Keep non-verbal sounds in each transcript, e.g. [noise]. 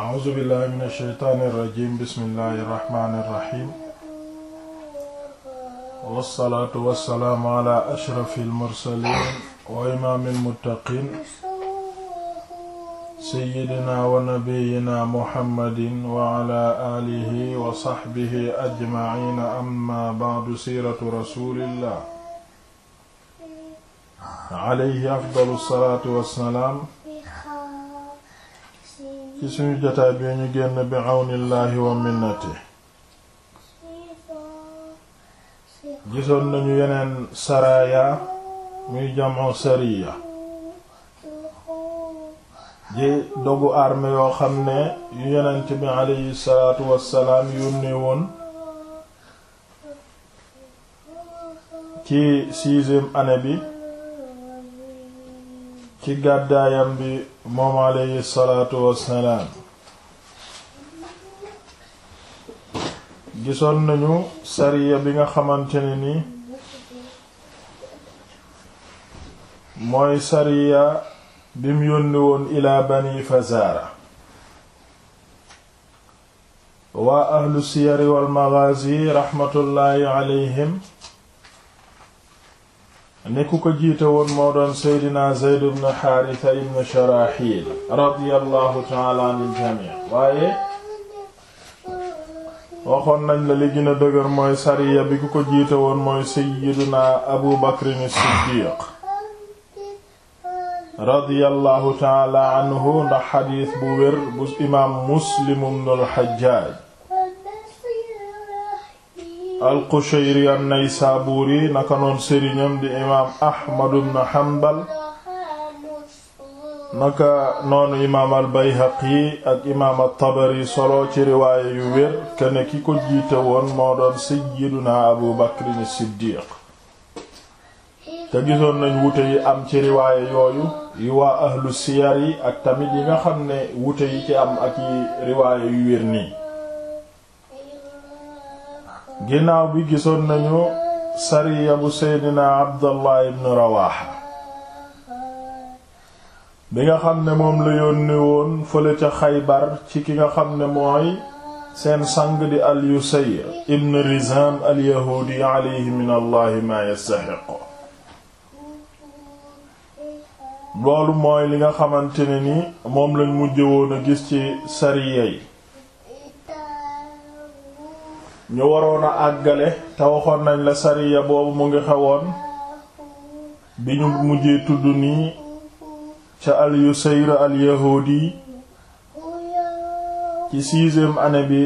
a'uuzu billahi mina shaytaani rajiim bismillahi rahmaani rahiim wassalaatu wassalaamu ala ashrafil mursaliin wa imaamil muttaqiin sayyidina wa nabiyyina muhammadin wa ala aalihi wa sahbihi ajmaciina amma ba'du siiratu rasuulillah alayhi afdalu salaatu wassalaam ci suñu jotaay bi ñu génn bi àwnillaahi wa minnati gisoon nañu yeneen saraya muy jamoo sariya ji dogu arme yoo xam ne yu yonent bi aleyhi salaatu wassalaam yónnee woon ci sixième année bi ci gàddaayam bi moom aleyhi salaatu wassalaam gisoon nañu sariya bi nga xamante ni mooy sariya bim yónni woon ilaa bani fazaara waa ahlu siyari wal maghazi raxmatullaahi aleyhim ni ko jiite woon moo doon seydina zeyd ibn xaarisa ibn sharaxil radiyallahu taala an iljami waaye waxoon nañ la li mooy sariya bi ku ko jiite woon mooy seydina abu bakrin siddiq radiyallahu taala anhu ndax xadiis bu muslim ibn al al-Qushayri an yi naka noon sëriñam di imaam Ahmad ibn Hanbal naka noonu imaam al-Bayhaqi ak imaam at-Tabari solo ci riwaaya yu wér kene ki ko jiite woon moo doon Sayyiduna Abu Bakr i siddiq te gisoon nañ wute yi am ci riwaaya yooyu yi waa ahlu siyar yi ak tamit yi nga xam ne wute yi ci am ak yi riwaaya yu wér nii ginnaaw bi gisoon nañu sariya bu seydina abdallah ibn rawaxa bi nga xam ne moom la yónni woon fële ca xaybar ci ki nga xam ne mooy seen sang di al yusayr ibn rizam al yahuudi ma yastaxiq loolu mooy li nga xamante ne ni moom lañ mujj woon a gis ci sariya yi ñu waroon a àggale te waxoon nañ la sariya boobu mu ngi xewoon bi ñu mujjee tudd nii ca al Yusayr al ci sixième année bi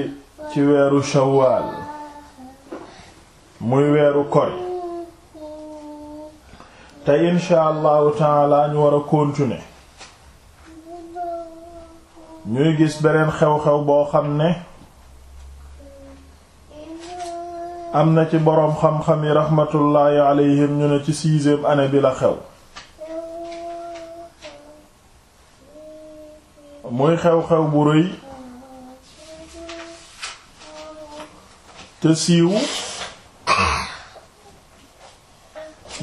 ci weeru shawaal muy weeru koy te insha allahu taala ñu wara a continuer ñuy gis beneen xew-xew boo xam ne am na ci boroom xam-xam yi raxmatullaahi alayhim ñu ne ci sixième année bi la xew muy xew-xew bu rëy te siiw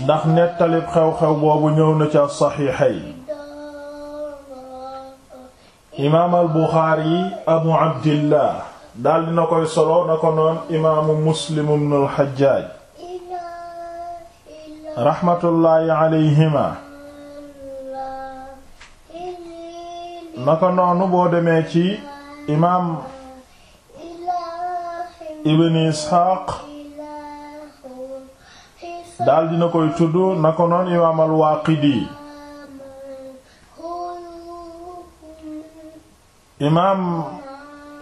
ndax nettalib xew-xew boobu ñëw na ca saxiixay imaam al buxaari abu abdillah daal dina koy solo na ko noon imaamu muslim ibn al raxmatullaahi alayhima na ko noonu boo demee ci imaam ibn Isxaaq daal dina koy tudd na ko noon imaam al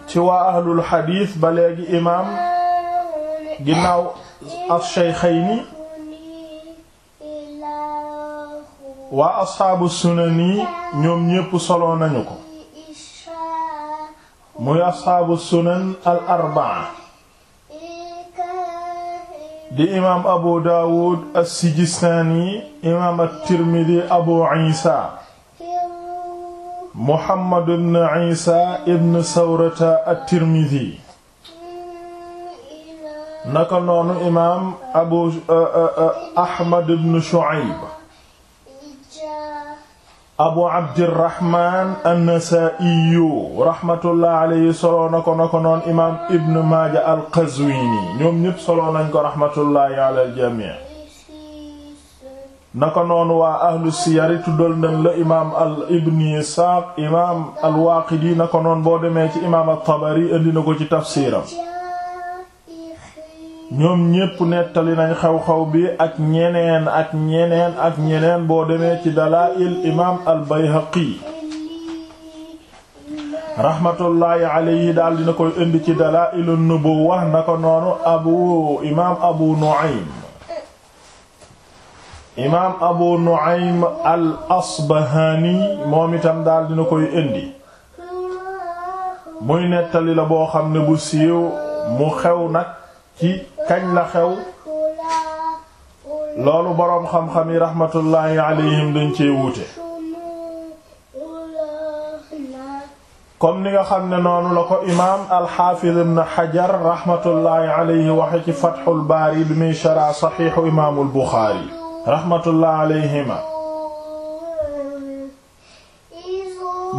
ci waa ahlul xadiis ba léegi imaam ginnaaw as-Shaykhayni waa asxaabu sunani ñoom ñépp solo nañu ko muy asxaabu sunan al arbaa di imaam abu daawud as-Sijistaani imaam at-Tirmidi abu Iisa Muhammad ibn Isa ibn Sawrata at-Tirmidhi naka noonu imaam Abu uh, uh, uh, Ahmad ibn Shu'ayb Abu Abdirrahman an-Nasa'i rahmatullah alayhi solo na ko na ko noonu imaam Ibn Maaja al-Qazwini ñoom ñépp solo nañ ko rahmatullah ala al-jami' naka noonu waa ahlu siyari tuddal nañ la imaam al ibni isxaaq imaam al waaqidi naka noonu boo demee ci imaam al tabari indi na ko ci tafsiiram ñoom ñépp nettali nañ xew-xew bi ak ñeneen ak ñeneen ak ñeneen boo demee ci dalaa'il imaam al bayhaqi rahmatullahi alayhi daal dina koy indi ci dalaa'ilun nubuwwa naka noonu abu imaam abu nu'aym imaam abu nu'aym al asbahani moom itam daal dina koy indi muy nettali la boo xam ne bu siiw mu xew nag ci kañ la xew loolu boroom xam-xam yi raxmatullaahi alayhim dañ ci wuute comme ni nga xam ne noonu la ko imaam alxaafiz ibn xajar raxmatullaahi alayhi waxe ci fatxul baari bi muy sharaa saxiixu imaamul buxaari raxmatullah alayhima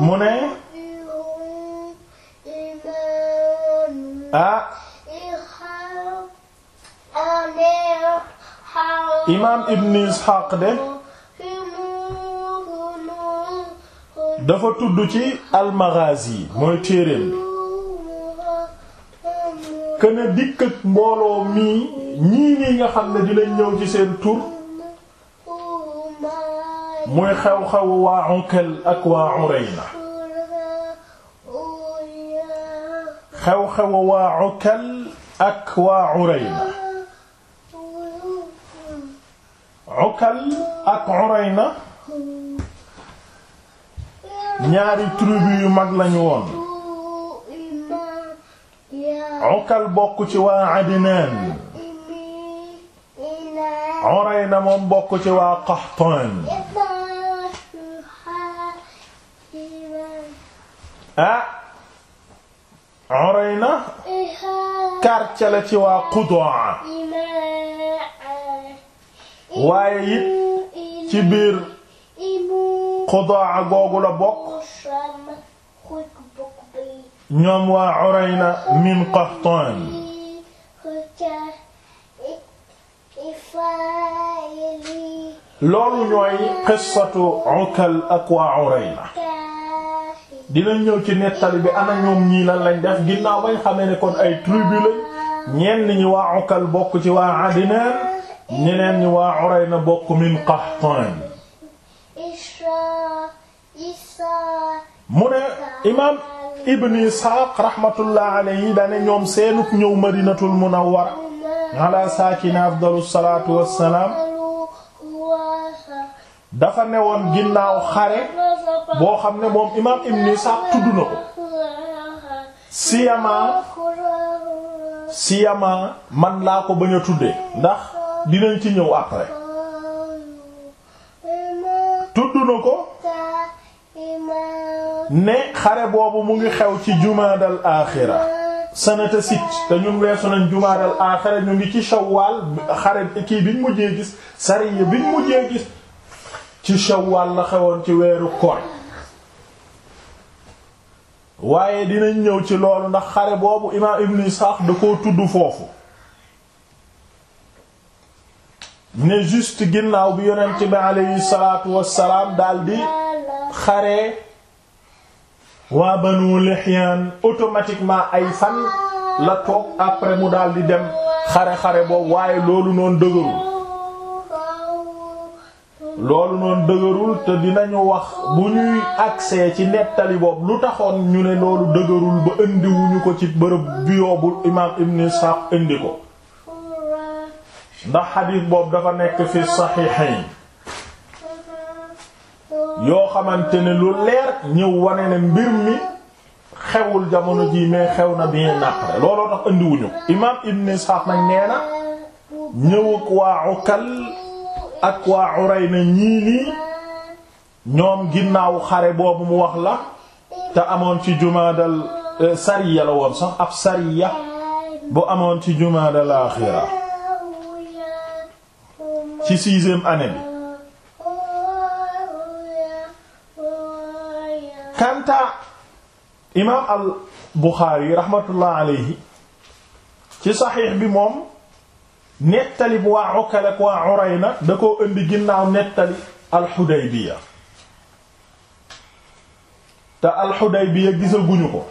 mu ne ah imaam ibn isxaaq de dafa tudd ci almaghazi mooy téereem bi këne dikk mbooloo mi ñii nii nga xam ne dinañ ñëw ci seen tur muy xew-xewu ak waa Urayna xew-xewu waa Uqal ak waa Urayna Uqal ak Urayna ñaari tribu yu mag lañu woon Uqal bokk ci waa Adnaan Urayna moom bokk ci waa Qahtaan ah Urayna quartier la ci waa Qudaa waaye it ci biir Qudaa googu la bokk ñoom waa Urayna min Qahtaan loolu ñooy qissatu Ukal ak waa Urayna dinañ ñëw ci nettali bi ana ñoom ñii lan lañ def ginnaaw bañ xamee ne kon ay tribu lañ ñenn ñi waa Ukal bokk ci waa Adnan ñeneen ñi waa Urayna bokk min Qahtan mu ne imaam Ibn Isxaaq rahmatullah alayhi dane ñoom seenuk ñëw Madinatul Munawwara ala saakina afdalu salaatu salaam dafa woon ginnaaw xare boo xam ne moom imaam ibn Sa'd tudd na ko siyamaa siyamaa man laa ko bëñ a tuddee ndax dinañ ci ñëw après tudd na ko ne xare boobu mu ngi xew ci jumaadal aaxira sanata sit te ñun weesu nañ jumaadal aaxira ñu ngi ci shawwal xare kii biñ mujjee gis sariya biñ mujjee gis ci shawwal la xewoon ci weeru koor waaye dina ñëw ci loolu ndax xare boobu imaam ibn Isxaaq da koo tudd foofu ne juste ginnaaw bi yonent bi aleyhi salaatu wassalaam daldi xare waa Banu Lihyaan automatiquement ay fan la toog après mu daldi dem xare-xare boobu waaye loolu noon dëgërul loolu noonu dëgërul te dinañu wax bu ñuy agsee ci nettali boobu lu taxoon ñu ne loolu dëgërul ba indiwuñu ko ci bërëb bi yoobul imaam ibn Ishaq indi ko ndax xadiis boobu dafa nekk fi saxiixayn yoo xamante ne lu leer ñëw wane ne mbir mi xewul jamono jii mais xew na bien après looloo tax indiwuñu imaam ibn Ishaq nag nee na ñëwuk waa Ukal ak waa Urayna ñii nii ñoom ginnaaw xare boobu mu wax la te amoon ci jumaadal eh, sariya la woon sax ab sariya bu amoon ci jumaadal axira ci sixième année bi kanta imaam al Buxaari rahmatullah alayhi ci saxiix bi moom nettali bu waa Ukala ak waa Urayna da koo indi ginnaaw nettali al-Hudaybiya te al-Hudaybiya gisaguñu ko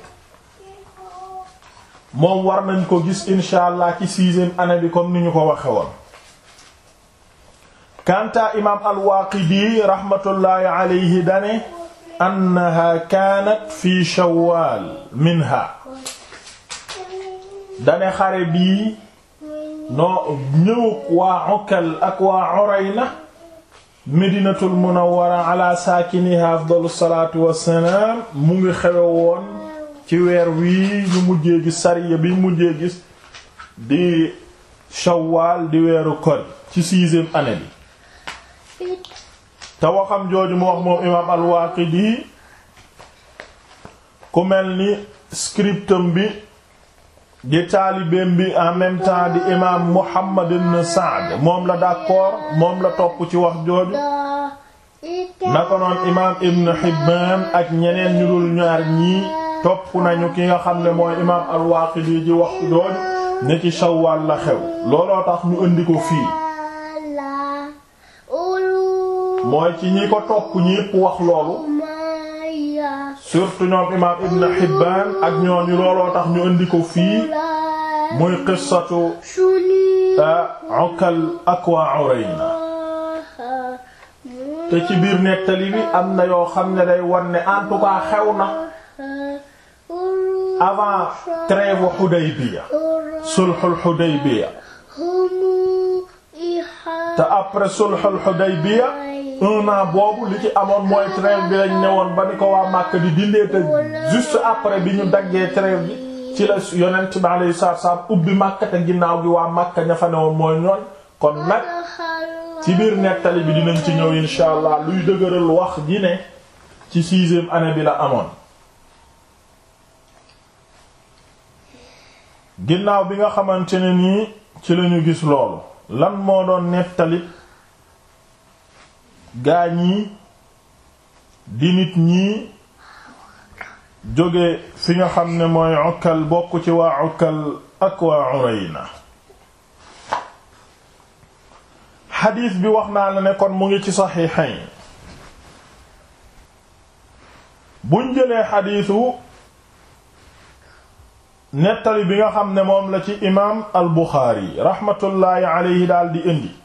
moom war nañ ko gis insha allah ci sixième année bi comme ko waxe woon kanta imam al-Waaqidi rahmatullahi dane annaha kaanat fi shawwal minha dane xare bii noo ñëw waa Ukal ak waa Urayna medinatul munawwara ala saakiniha afdalu salaatu wassalaam mu ngi xewe woon ci weer wii ñu mujjee gis sariya bi mujjee gis di shawwal di weeru kor ci sixième année bi te waxam jooju mu wax moom imaam al-Waaqidi ku mel ni scriptum bi di taalibeem bi en même temps di imaam Muhammad Saad moom la d'accord moom la topp ci wax jooju naka noon imaam Ibn Hibbaan ak ñeneen ñu dul ñaar ñii topp nañu ki nga xam ne mooy imaam al-Waaqidi ji wax jooju ne ci Shawwal la xew looloo tax ñu indi ko fii mooy ci ñi ko topp ñépp wax loolu surtout ñoom imaam Ibn Hibbaan ak ñooñu looloo tax ñu indi ko fii muy qissatu ah, Ukal ak waa Urayna te ci biir nettali am na yoo xam ne day wan ne en tout cas xew na avant trêve Hudaybiya sulhul Hudaybiya te après sulhul Hudaybiya un boobu li ci amoon mooy trêve bi la newoon ba ni ko waa Màkka di dindee te juste après bi ñu daggee trêve bi ci la yonent bi alayhi salaatu salaam ubbi Màkka te ginnaaw gi waa Màkka ña fa newoon mooy ñooñ kon nag ci biir nettali bi dinañ ci ñëw insha allah luy dëgëral wax ji ne ci sixième année bi la amoon ginnaaw bi nga xamante ne nii ci lañu gis loolu lan moo doon nettali gaa ñi di nit ñi jóge fi nga xam ne mooy Ukkal bokk ci waa Ukkal ak waa Urayna xadiis bi wax naa la ne kon mu ngi ci saxiixayn buñ jëlee xadiisu nettali bi nga xam ne moom la ci imaam al Buxaari raxmatullaahi alayhi daal di indi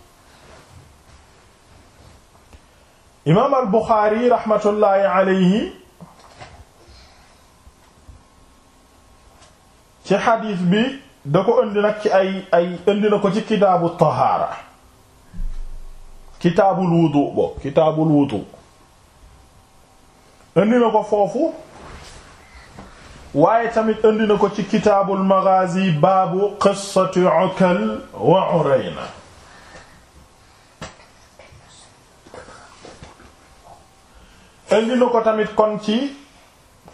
imaam al Buxaari raxmatullaahi alayhi ci xadiis bi da ko indi nag ci ay ay indi na ko ci kitaabu tahaara kitaabul wudu bo kitaabul wudu indi na ko foofu waaye tamit indi na ko ci kitaabul magaazi baabu qissati Ukal wa Urayna indi na ko tamit kon ci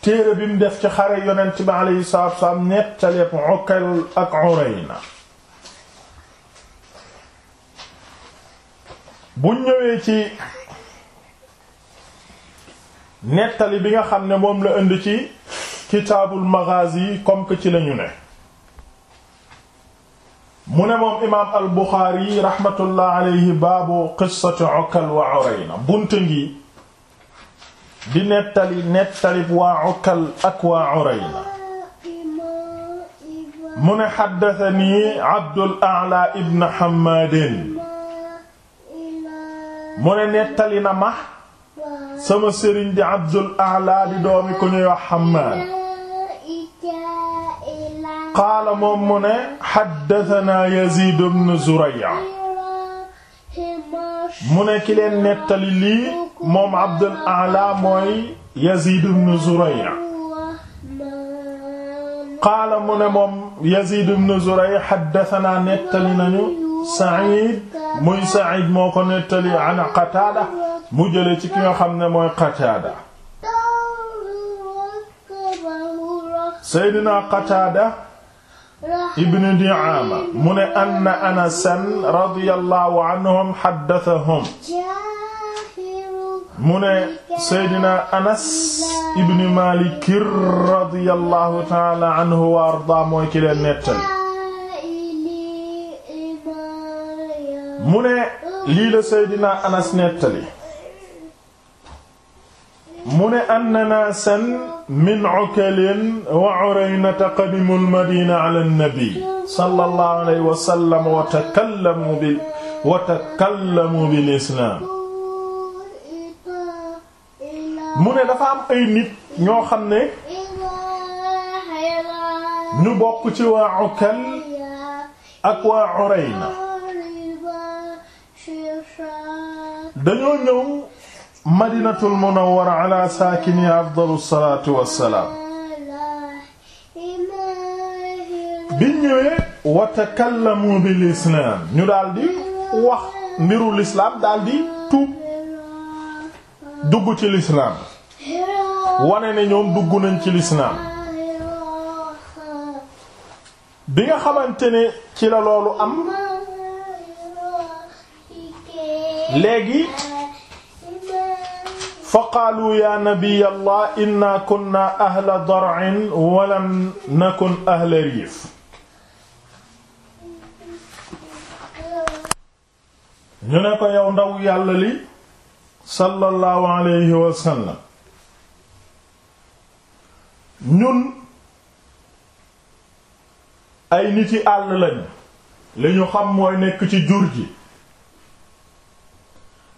téere bi mu def ci xare yonent bi alayhi salaatu wassalaam nettaleeb Uqayl ak Urayna bu ñëwee ci nettali bi nga xam ne moom la indi ci kitaabul maghazi comme que ci lañu ne mu ne moom imaam al Buxaari raxmatullah alayhi baabu qissatu Uqayl wa Urayna buntu ngi di nettali nettali waa Ukal ak waa Urayna mu ne ibn Hammaadin mu nettali na ma sama sëriñ di Abdul A'la doomi ku ñuy wax Hammaad qaala moom mu ne Yaziid ibn Zuray' mu ne ki leen lii moom Abdul A'la mooy Yazid ibn Zuray' qaala mu ne moom Yazid ibn Zuray' haddathana nettali nañu Sa'id muy Sa'id moo ko nettali an Qataada mu jële ci ki nga xam ne mooy Qataada Seydina Qataada ibn Di'aama mu ne anna Anasan radiyallahu anhum haddathahum mu ne Seydina Anas ibn Maalik radiyallahu ta'ala anhu wa ardaa mooy ki leen nettali mu ne lii la Seydina Anas nettali mu ne anna naasan min Ukalin wa Uraynata qadimu al-Madina ala an-nabi sallallahu alayhi wa sallam wa takallamu bil wa takallamu bil islam mu ne dafa am ay nit ñoo xam ne ñu bokk ci waa Ukal ak waa Urayna dañoo ñëw madinatul munawwara ala saakini afdalu salaatu wassalaam biñ ñëwee wa takallamu bil islaam ñu daldi wax mbiru lislaam daldi tuub dugg ci lislaam wane ne ñoom dugg nañ ci lislaam bi nga xamante ne ci la loolu am léegi fa qaalu ya nabiy allah inna kunna ahla dar'in nakun ahla riif ñu ne ko yow ndaw yàlla li sallallahu alayhi wa ñun ay nit yi àll lañu li ñu xam mooy nekk ci jur ji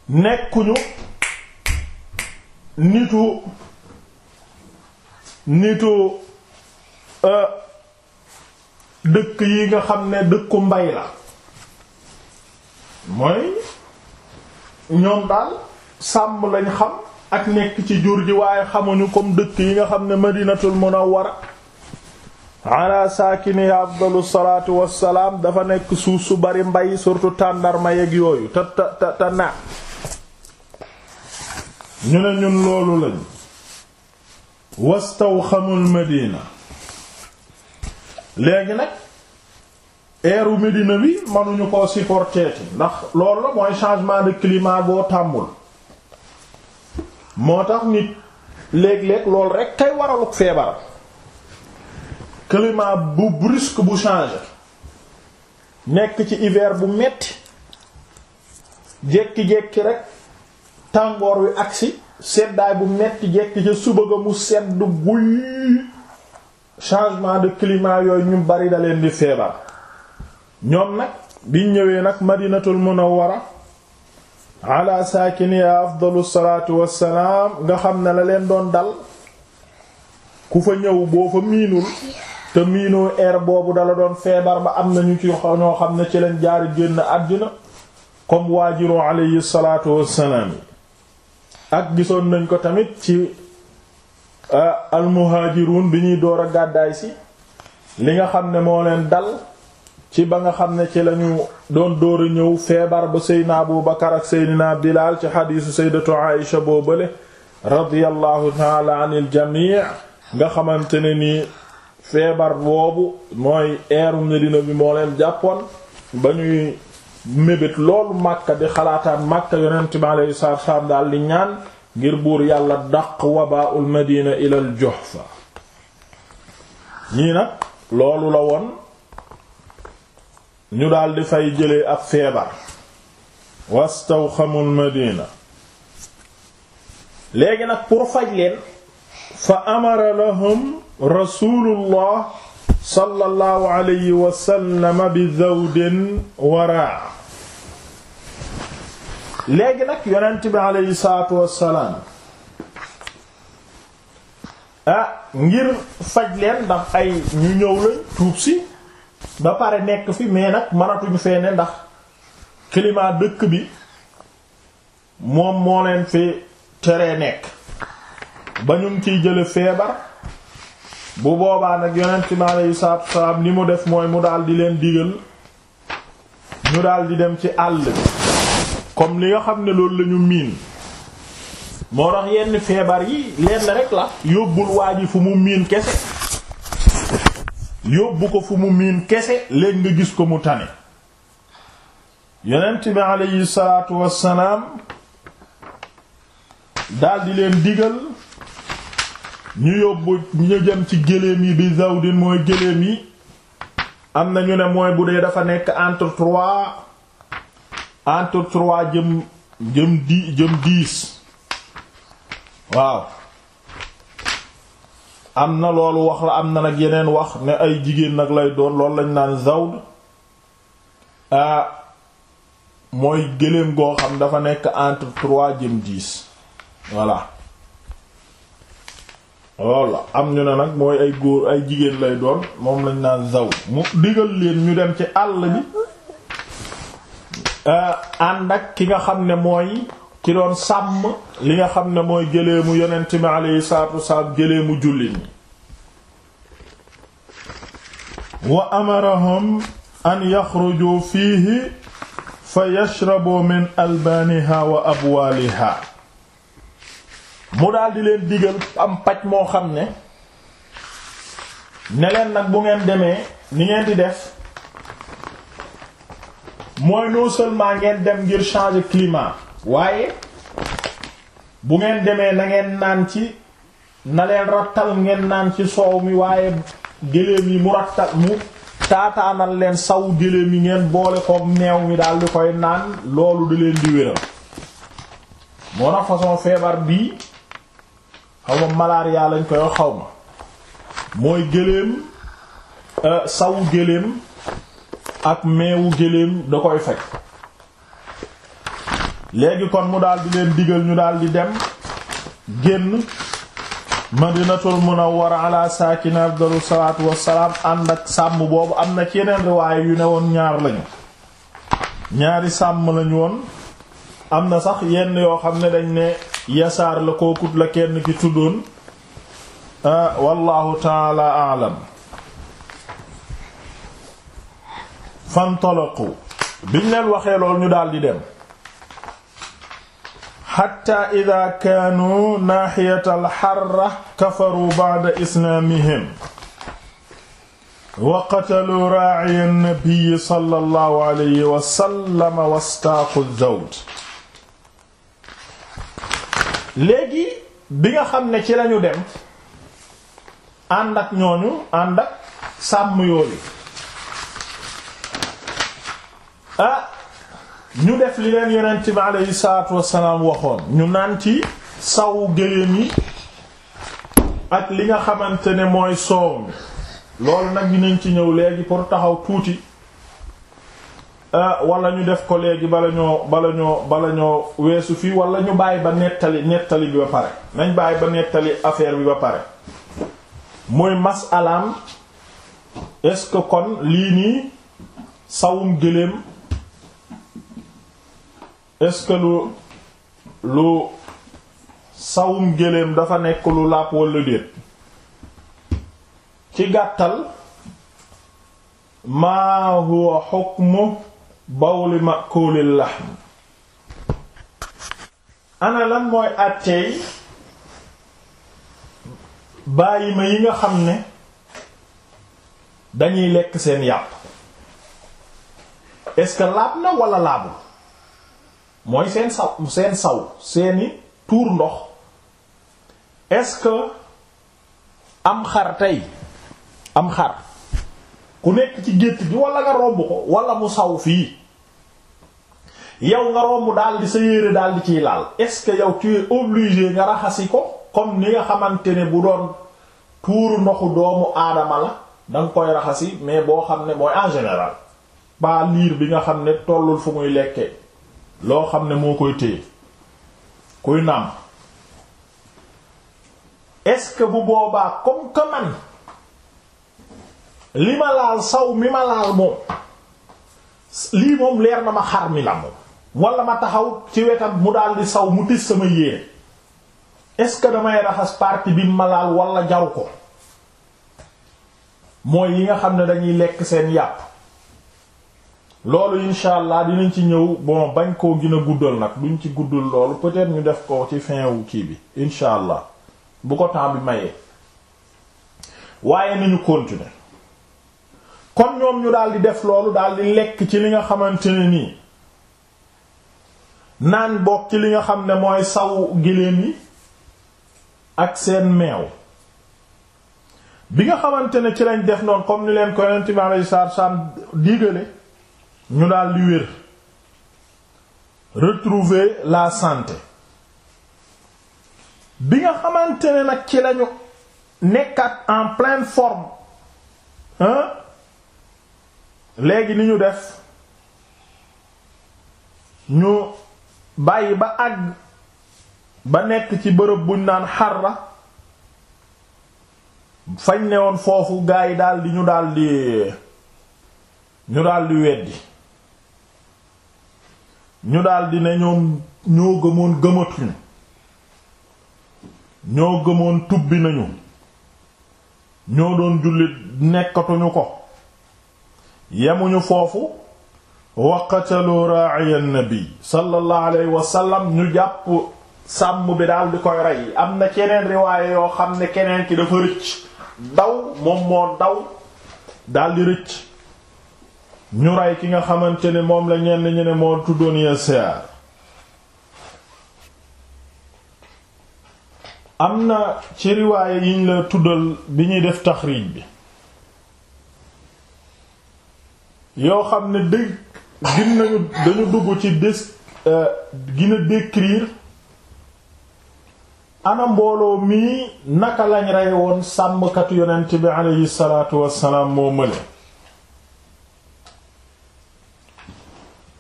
nekkuñu nitu nitu euh, dëkk yi nga xam ne dëkku mbay la mooy ñoom daal sàmm lañ xam ak nekk ci jur ji waaye xamuñu comme dëkk yi nga xam ne madinatul munawwara ala saakini afdalu salaatu wassalaam dafa nekk suuf su bari mbay surtout tàndarma yeeg yooyu te te te naat ñu ne ñun loolu lañ wastaw xamul Medina léegi nag eeru Medina bi mënuñu ko supporter ndax loolu la mooy changement de climat boo tàmbul moo tax nit léeg-léeg loolu rek kay waraluk feebar climat bu brusque bu changé nekk ci hiver bu metti jékki-jékki rekk tàngoor wi agsi seddaay bu metti jekki ca suba ga mu sedd guy changement de climat yooyu ñu bari da leen di feebar ñoom nag biñ ñëwee nag madinatul munawwara ala saakiniya afdalu salaatu wassalaam nga xam ne la leen doon dal ku fa ñëw boo fa miinul te miinoo air boobu dala doon feebar ba am na ñu ci ñoo xam ne ci leen jaar génn àddina comme waajiru alayhi salaatu wassalaam yi ak gisoon nañ ko tamit ci almuhaajiruun bi ñuy door a gàddaay si li nga xam ne moo leen dal ci ba nga xam ne ci lañu doon door a ñëw feebar ba seydna abu bakar ak seydna bilaal ci xadiisu saydatu aïsha boobale radiyallahu taala anil jamii nga xamante ne nii feebar boobu mooy eeru medina bi moo leen jàppoon ba ñuy mébét loolu màkka di xalaataan màkka yonent bi alayhi salaatu wassalaam daal di ñaan ngir buur yàlla daq wabaa'ul madina ilal juhfa ñii nag loolu la woon ñu daal di fay jëlee ab feebar wastawxamul madina léegi nag pour faj leen fa amara lahum rasulullah sallallahu alayhi wa sallam bi zawdin waraa léegi nag yonent bi aleyhi salaatu wassalaam ah ngir faj leen ndax ay ñu ñëw lañ tuub si ba pare nekk fi mais nag mënatuñu fee ne ndax climat dëkk bi moom moo leen fi teree nekk ba ñu ngi ciy jële feebar bu boobaa nag yonent bi aleyhi salaatu wassalaam li mu def mooy mu daal di leen digal ñu daal di dem ci àll bi comme li nga xam ne loolu lañu ñu miin moo tax yenn feebar yi leen rek la yóbbul waa ji fu mu miin kese yóbbu ko fu mu miin kese léegi nga gis ko mu tane yonent bi aleyhi salaatu wassalaam daldi leen digal ñu yóbbu ñu jëm ci géléem yi bi zawdin mooy géléem yi am na ñu ne mooy bu dee dafa nekk entre trois entre trois jëm jëm di jëm dix waaw am na loolu wax la am na nag yeneen wax ne ay jigéen nag lay doon loolu lañ naan zawd a ah, mooy gëléem goo xam dafa nekk entre trois jëm dix voilà walla am ñu ne nag mooy ay góor ay jigéen lay doon moom lañ naan zawd mu digal leen ñu dem ci àll bi Euh, ànd ak ki nga xam ne mooy ki doon sàmm li nga xam ne mooy gëleemu yonent mi alayhi salaatu wasalaam gëleemu jullit ñi wa amarahum an yaxruju fiihi fa yashrabu min albaaniha wa abwaaliha mu daldi leen digal am paj moo xam ne neleen nag bu ngeen demee ni ngeen di def mooy non seulement ngeen dem ngir changer climat waaye bu ngeen demee na ngeen naan ci na leen rattal ngeen naan ci soow mi waaye gëléem yi mu rattal mu taataanal leen saw gëléem yi ngeen boole koog meew mi daal di koy naan loolu di leen di wéral moo tax façon feebar bii xaw ma malaria lañ koy xaw ma mooy gëléem euh, saw gëléem ak meewu géléem da koy faj léegi kon mu daal di leen digal ñu daal di dem génn ma dinatul mën madinatul munawwara ala saakina afdalu salaatu wassalaam ànd ak sàmm boobu am na ci yeneen yu ne woon ñaar lañu ñaari sàmm lañu woon am na sax yenn yoo xam ne dañ ne yasaar la kookut la kenn ki tuddoon ah, wallaahu taala alam fantalaqu biñ leen waxee lool ñu daal di dem xatta ida kaanu naaxiyat alxarra kafaru bada islaamihim wa qataluu raaciya nnabiyi sala allahu alayhi wasallama wastaaqu zawd léegi bi nga xam ne ci lañu dem ànd ak ñooñu ànd ak sàmm yooyu ah ñu def li leen yonent bi aleyhi salaatu wassalaam waxoon ñu naan ci sawu gëléem yi ak li nga xamante ne mooy soow mi loolu nag dinañ ci ñëw léegi pour taxaw tuuti ah, wala ñu def ko léegi bala ñoo bala ñoo bala ñoo weesu fii wala ñu bàyyi ba nettali nettali bi ba pare nañ bàyyi ba nettali affaire bi ba pare mooy mas alam est kon lii nii sawum gëléem est-ce que lu lu sawum géléem dafa nekk lu làpp walla déet ci gàttal maa huwa hukmu bawli makulil lahm ana lan mooy àtteey bàyyi ma yi nga xam ne dañuy lekk seen yàpp est-ce na walla laabul mooy seen saw seen saw seeni tuur ndox est-ce que am xar tey am xar ku nekk ci gétt gi wala nga romb ko wala mu saw fii yow nga romb daal di sa yére daal di kii laal est-ce que yow nga raxasi ko comme ni nga xamante ne bu doon tuuru ndoxu doomu aadama la danga koy raxasi mais boo xam ne mooy en général ba liir bi nga xam ne tollul fu muy lekkee loo xam ne moo koy téye kuy nàmp est-ce que bu boobaa comme que man li ma laal saw mi ma laal moom lii moom leer na ma xar mi la moom wala ma taxaw ci wetam mu daal di saw mu tis sama yéere est-ce que damay raxas partie bi ma laal wala jaru ko mooy yi nga xam ne dañuy lekk seen yàpp loolu incha allah dinañ ci ñëw bon bañ koo gina a guddal nag duñ ci guddul loolu peut-être ñu def ko ci fin wu kii bi incha allah bu ko temps bi mayee waaye nañu continuer kon ñoom ñu daal di def loolu daal di lekk ci li nga xamante ne nii naan bokk ci li nga xam ne mooy saw giléem yi ak seen meew bi nga xamante ne ci lañ def noonu comme ni leen ko yonent bi alayhi diigale ñu daal di wér retrouver la santé bi nga xamante nag ci lañu nekkat en pleine forme hein léegi ni ñu def ñu bàyyi ba àgg ba nekk ci bërëb buñ naan xar la fañ ne woon foofu gaa yi daldi ñu daldi ñu daldi weddi ñu daldi ne ñoom ñoo gëmoon gëmatuñu ñoo gëmoon tubbi nañu ñoo doon jullit nekkatuñu ko yemuñu foofu waqatalu ra'iya nabi sallallahu alayhi wa sallam ñu jàpp sàmm bi daal koy rey am na keneen riwaaye yoo xam ne keneen ki dafa rëcc daw moom moo daw daal rëcc ñu rey ki nga xamante ne moom la ñenn ñu ne moo tuddoon Yasaar am na ci riwaaye yiñ la tuddal bi ñuy def taxriij bi yoo xam ne dëgg dañu dugg ci des euh, gina décrire ana mbooloo mii naka lañ rey woon sàmmkatu yonent bi aleyhi salaatu wassalaam moo mële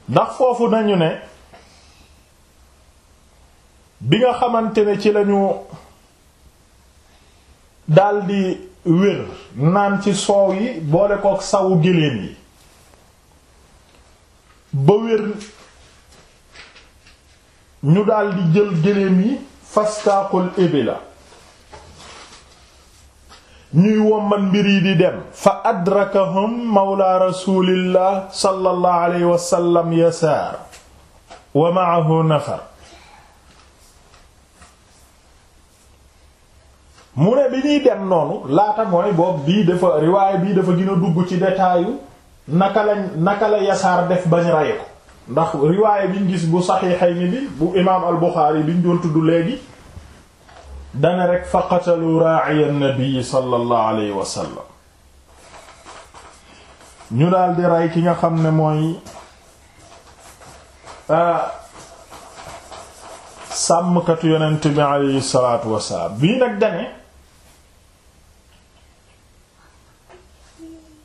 ndax foofu nañu ne bi nga xamante ne ci lañu daldi wér naan ci soow yi boole kook sawu géléem yi ba wér ñu daldi jël géléem yi fastaaqul la ñuy wommat mbir yi di dem fa adrakahum mawla rasulillah sallallahu alayhi wa yasaar wa ma'ahu mu ne bi ñuy dem noonu laata mooy boobu bii dafa riwaay bii dafa gën dugg ci detaayu naka la naka la yasaar def bañ raye ko ndax riwaay biñ gis bu saxiixayni bi bu imaam al Buxaari biñ doon léegi dana rek fa qatalu raaciya nabi sallallahu alayhi wa ñu daal di rey ki nga xam ne mooy sàmmkatu yonent bi alayhi salaatu wasalaam bii nag dane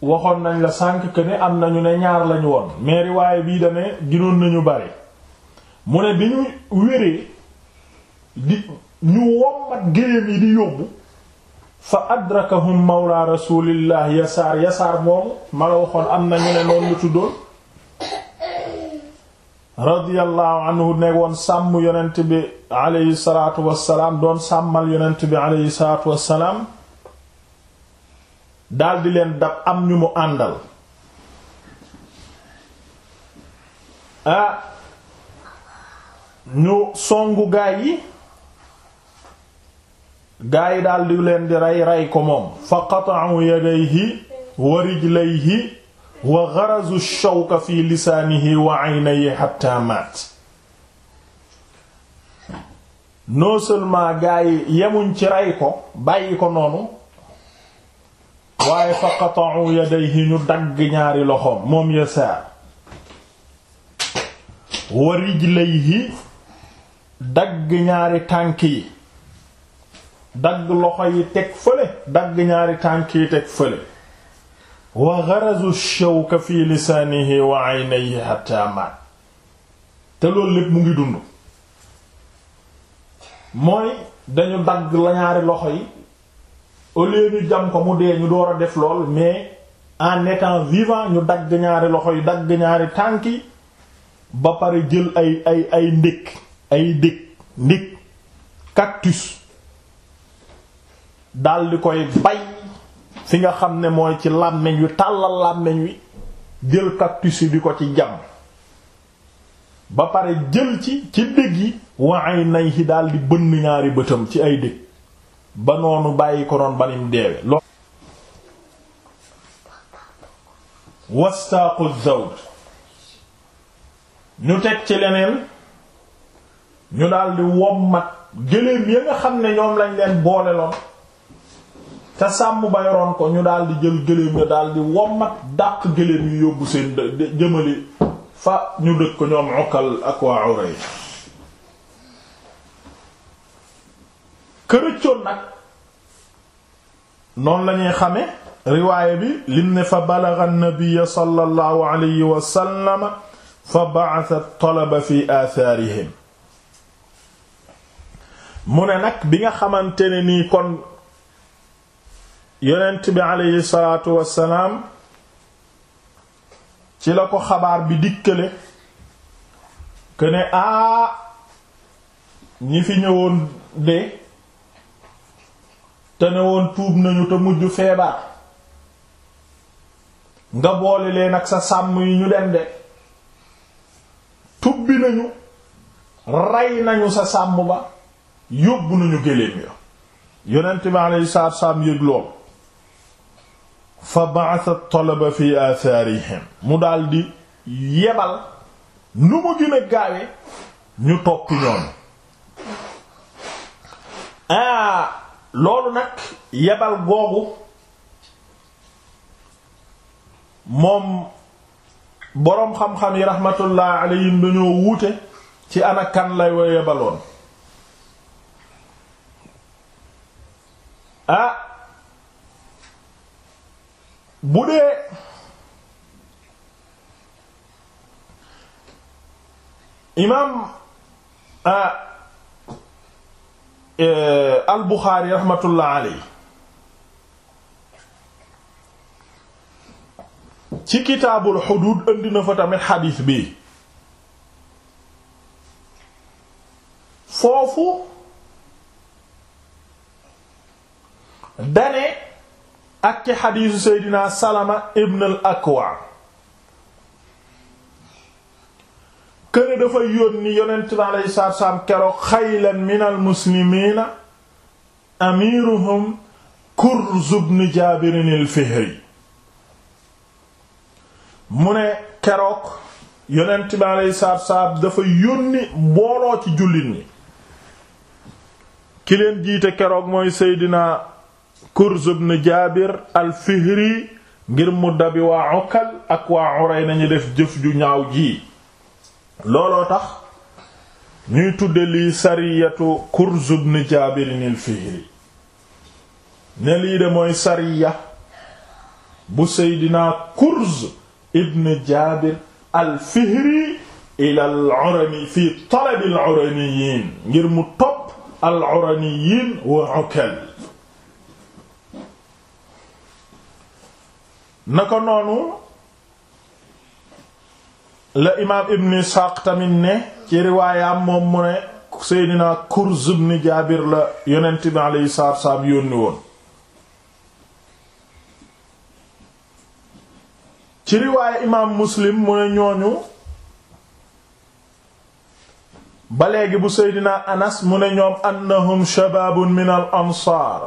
waxoon nañ la sànq que ne am nañu ne ñaar lañu woon mais riwaaye bii dane ginoon nañu bari mu ne bi ñu wéree di ñu wommat géléem yi di yóbbu fa adrakahum mawla rasulillah yasaar yasaar moomu ma la waxoon am na ñu ne noonu lu tuddoon radiyallahu anhu ne woon sàmm yonent bi aleyhi salaatu wassalaam doon sàmmal yonent bi aleyhi salaatu wassalaam daldi leen dab am ñu mu àndal ah ñu songu gaay yi gaa yi daal leen di rey rey ko moom fa qata'u yadayhi wa rijlayhi wa gharazu shawka fi lisaanihi wa aynayhi hatta maat non seulement gaa yemuñ ci rey ko bàyyi ko noonu waaye fa qata'u yadayhi ñu dagg ñaari loxoom moom Yasaar wa rijlayhi dagg ñaari tànk yi dagg loxo yi teg fële dagg ñaari tànk yi teg fële wa gharazu shawka fi lisaanihi wa aynayhi hatta mat te loolu lépp mu ngi dund mooy dañu dagg ñaari loxo yi au lieu ñu jam ko mu dee ñu door a def lool mais en étant vivant ñu dagg ñaari loxo yi dagg ñaari tànk yi ba pare jël ay ay ay ndékk ndékk ndékk daldi koy bay fi nga xam ne mooy ci làmmiñ wi tàllal làmmiñ wi jël cactus di ko ci jam ba pare jël ci ci dëgg yi waay nay yi dal bënn ñaari bëtam ci ay dëgg ba noonu bàyyi ko noon banim deewe lo wastaaqu zawd ñu teg ci leneen ñu daldi wommat gëléem ya nga xam ne ñoom lañ leen booleloon ca sàmm ba yoroon ko ñu daldi jël gëléem ya daal wommat dàq gëléem yu yóbbu seen jëmale fa ñu dëkk ko ñoom Uqal ak waa Uray kërëccoon nag noonu la xame riwaaya bi lim ne fa balagha an-nabiy sallallahu alayhi wa sallam fa ba'atha at-talaba fi atharihim mu ne nag bi nga xamante ne nii kon yonent bi aleyhi salaatu wassalaam ci la ko xabaar bi dikkale que ne aa ah, ñi fi ñëwoon de te ne woon tuub nañu te mujj feebar nga boole leen ak sa sàmm yi ñu dem de tubbi nañu rey nañu sa sàmm ba yóbbu nañu géléem yo yonent bi aleyhi salaatu wassalaam yëg fa ba'atha at-talaba fi atharihim mu daldi yebal nu mu gën gaawe ñu topp ñoom aa ah, loolu nag yebal googu moom boroom xam-xam yi rahmatullah alayhim dañoo wuute ci anakan kan lay wa yebaloon ah bu dee imaam ah, eh, al Buxaari raxmatullah aley ci kitaabul xuduud indi na fa tamit xadiis bi foofu dane ak ci xadiisu seydina salama ibn al akwa këne dafa yónni yonent bi alayhi salaatu salaam keroog xaylan min muslimiina amiruhum kurz ibn jaabirin fihri mu ne keroog yonent bi alayhi salaatu salaam dafa yónni mbooloo ci jullit ñi ki jiite keroog mooy seydina Kurz ibn Jaabir al-Fihri ngir mu dabi waa Ukkal ak waa Urayna ñu def jëf ju ñaaw ji looloo tax ñuy tudde lii sariyatu Kurz ibn Jaabir al-Fihri ne lii de mooy sariya bu Seydina Kurz ibn Jaabir al-Fihri ila al-Urani fi talab al ngir mu topp al-Uraniyin wa Ukkal na ko noonu la imaam ibn Isxaaq tamit ne ci riwaayaam moom mu ne Kurz ibn Jaabir la yonent bi yónni woon ci riwaaya imaam Muslim mu ne ñooñu ba léegi bu Seydina Anas mu ne ñoom annahum shabaabun min al ansaar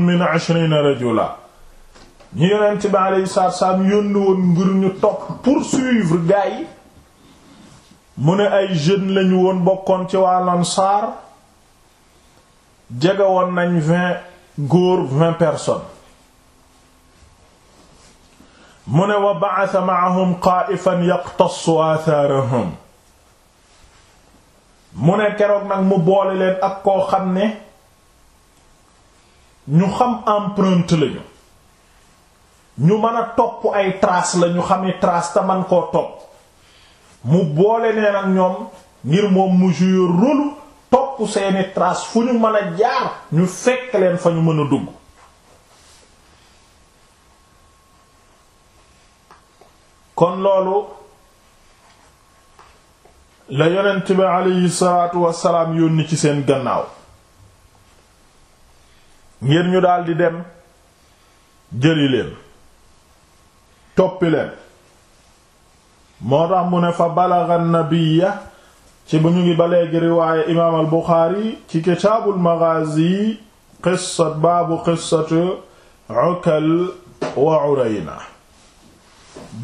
min rajula ñu yonent bi alayhi salaatu salaam ngir ñu topp poursuivre gaa yi mu ne ay jeunes lañu woon bokkoon ci waa Ansaar jege woon nañ vingt góor vingt personnes mu ne wa ba'atha ma'ahum qaa'ifan yaqtassu aathaarahum mu ne keroog nag mu boole leen ak koo xam ne ñu xam empreinte lañu ñu mën a topp ay trace la ñu xamee trace te man koo topp mu boole nee nag ñoom ngir moom mu jouer rôle topp seeni trace fu ñu mën a jaar ñu fekk leen fa ñu mën a dugg kon loolu la yonent bi aleyhi salaatu wasalaam yónni ci seen gannaaw ngir ñu daldi dem jëli leen toppi leen moo tax mu ne fa balagha nabiyya ci bu ñu ngi ba léegi riwaaya imaam al buxaari ci kitaabul maghaazi qissat baabu qissatu ukal wa urayna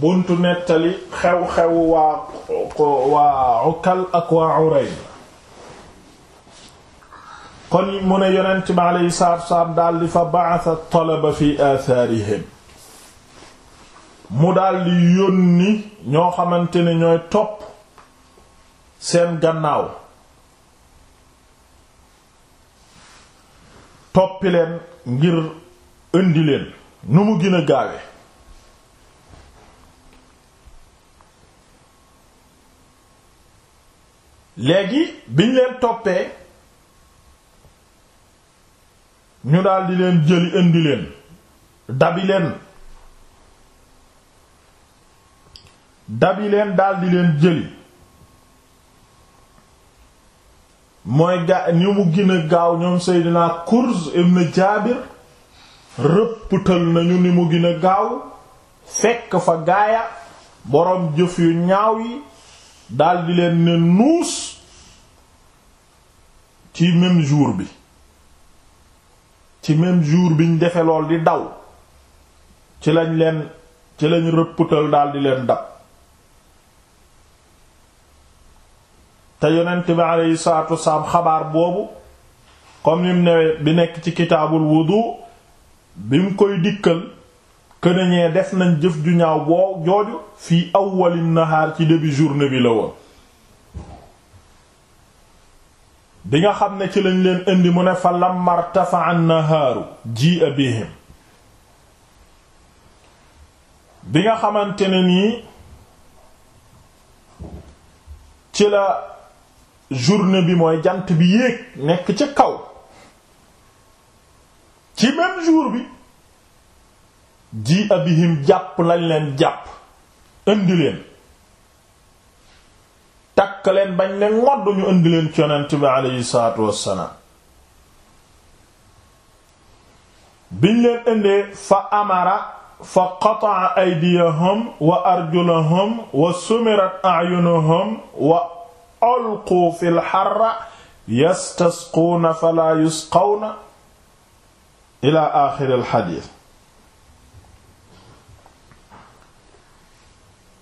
buntu nettali xew-xew waa waa ukal ak waa urayna kon mu ne yonent bi alayhi salaatu wa salaam daldi fa ba'atha talaba fi aasaarihim mu daldi yónni ñoo xamante ne ñooy topp seen gannaaw toppi ngir indi leen nu mu gën gaawe léegi biñ leen toppee ñu daldi leen jëli indileen leen dabi leen daldi leen jëli mooy ga ñu mu gën gaaw ñoom Seydina Kurz ibn Jaabir rëpptal nañu ni mu gën gaaw fekk fa gaaya boroom jëf yu ñaaw yi daldi leen ne nuus ci même jour bi ci même jour biñ defe lool di daw ci lañ leen ci lañ rëpptal daldi leen dab te yonent bi aleyhi salaatu wasalaam xabaar boobu comme ni newee bi nekk ci kitaabul wudu bi mu koy dikkal kënañee def nañ jëf ju ñaaw boo jooju fii awwalin nahaar ci début journée bi la woon bi nga xam ne ci lañ leen indi mu ne fa lamartafa an nahaaru ji a bihim bi nga xamante ne nii ci la journée bi mooy jant bi yéeg nekk ci kaw ci même jour bi ji abihim jàpp lañ leen jàpp indi leen takk leen bañ ne ngodd ñu indi leen ci yonent bi aleyhi salaatu wassalaam biñ leen indee fa amara fa qata'a aydiyahum wa arjulahum wa sumirat a'yunuhum wa alqu fi lxarra yastasquuna fala yusqawna ila axiri alxadiis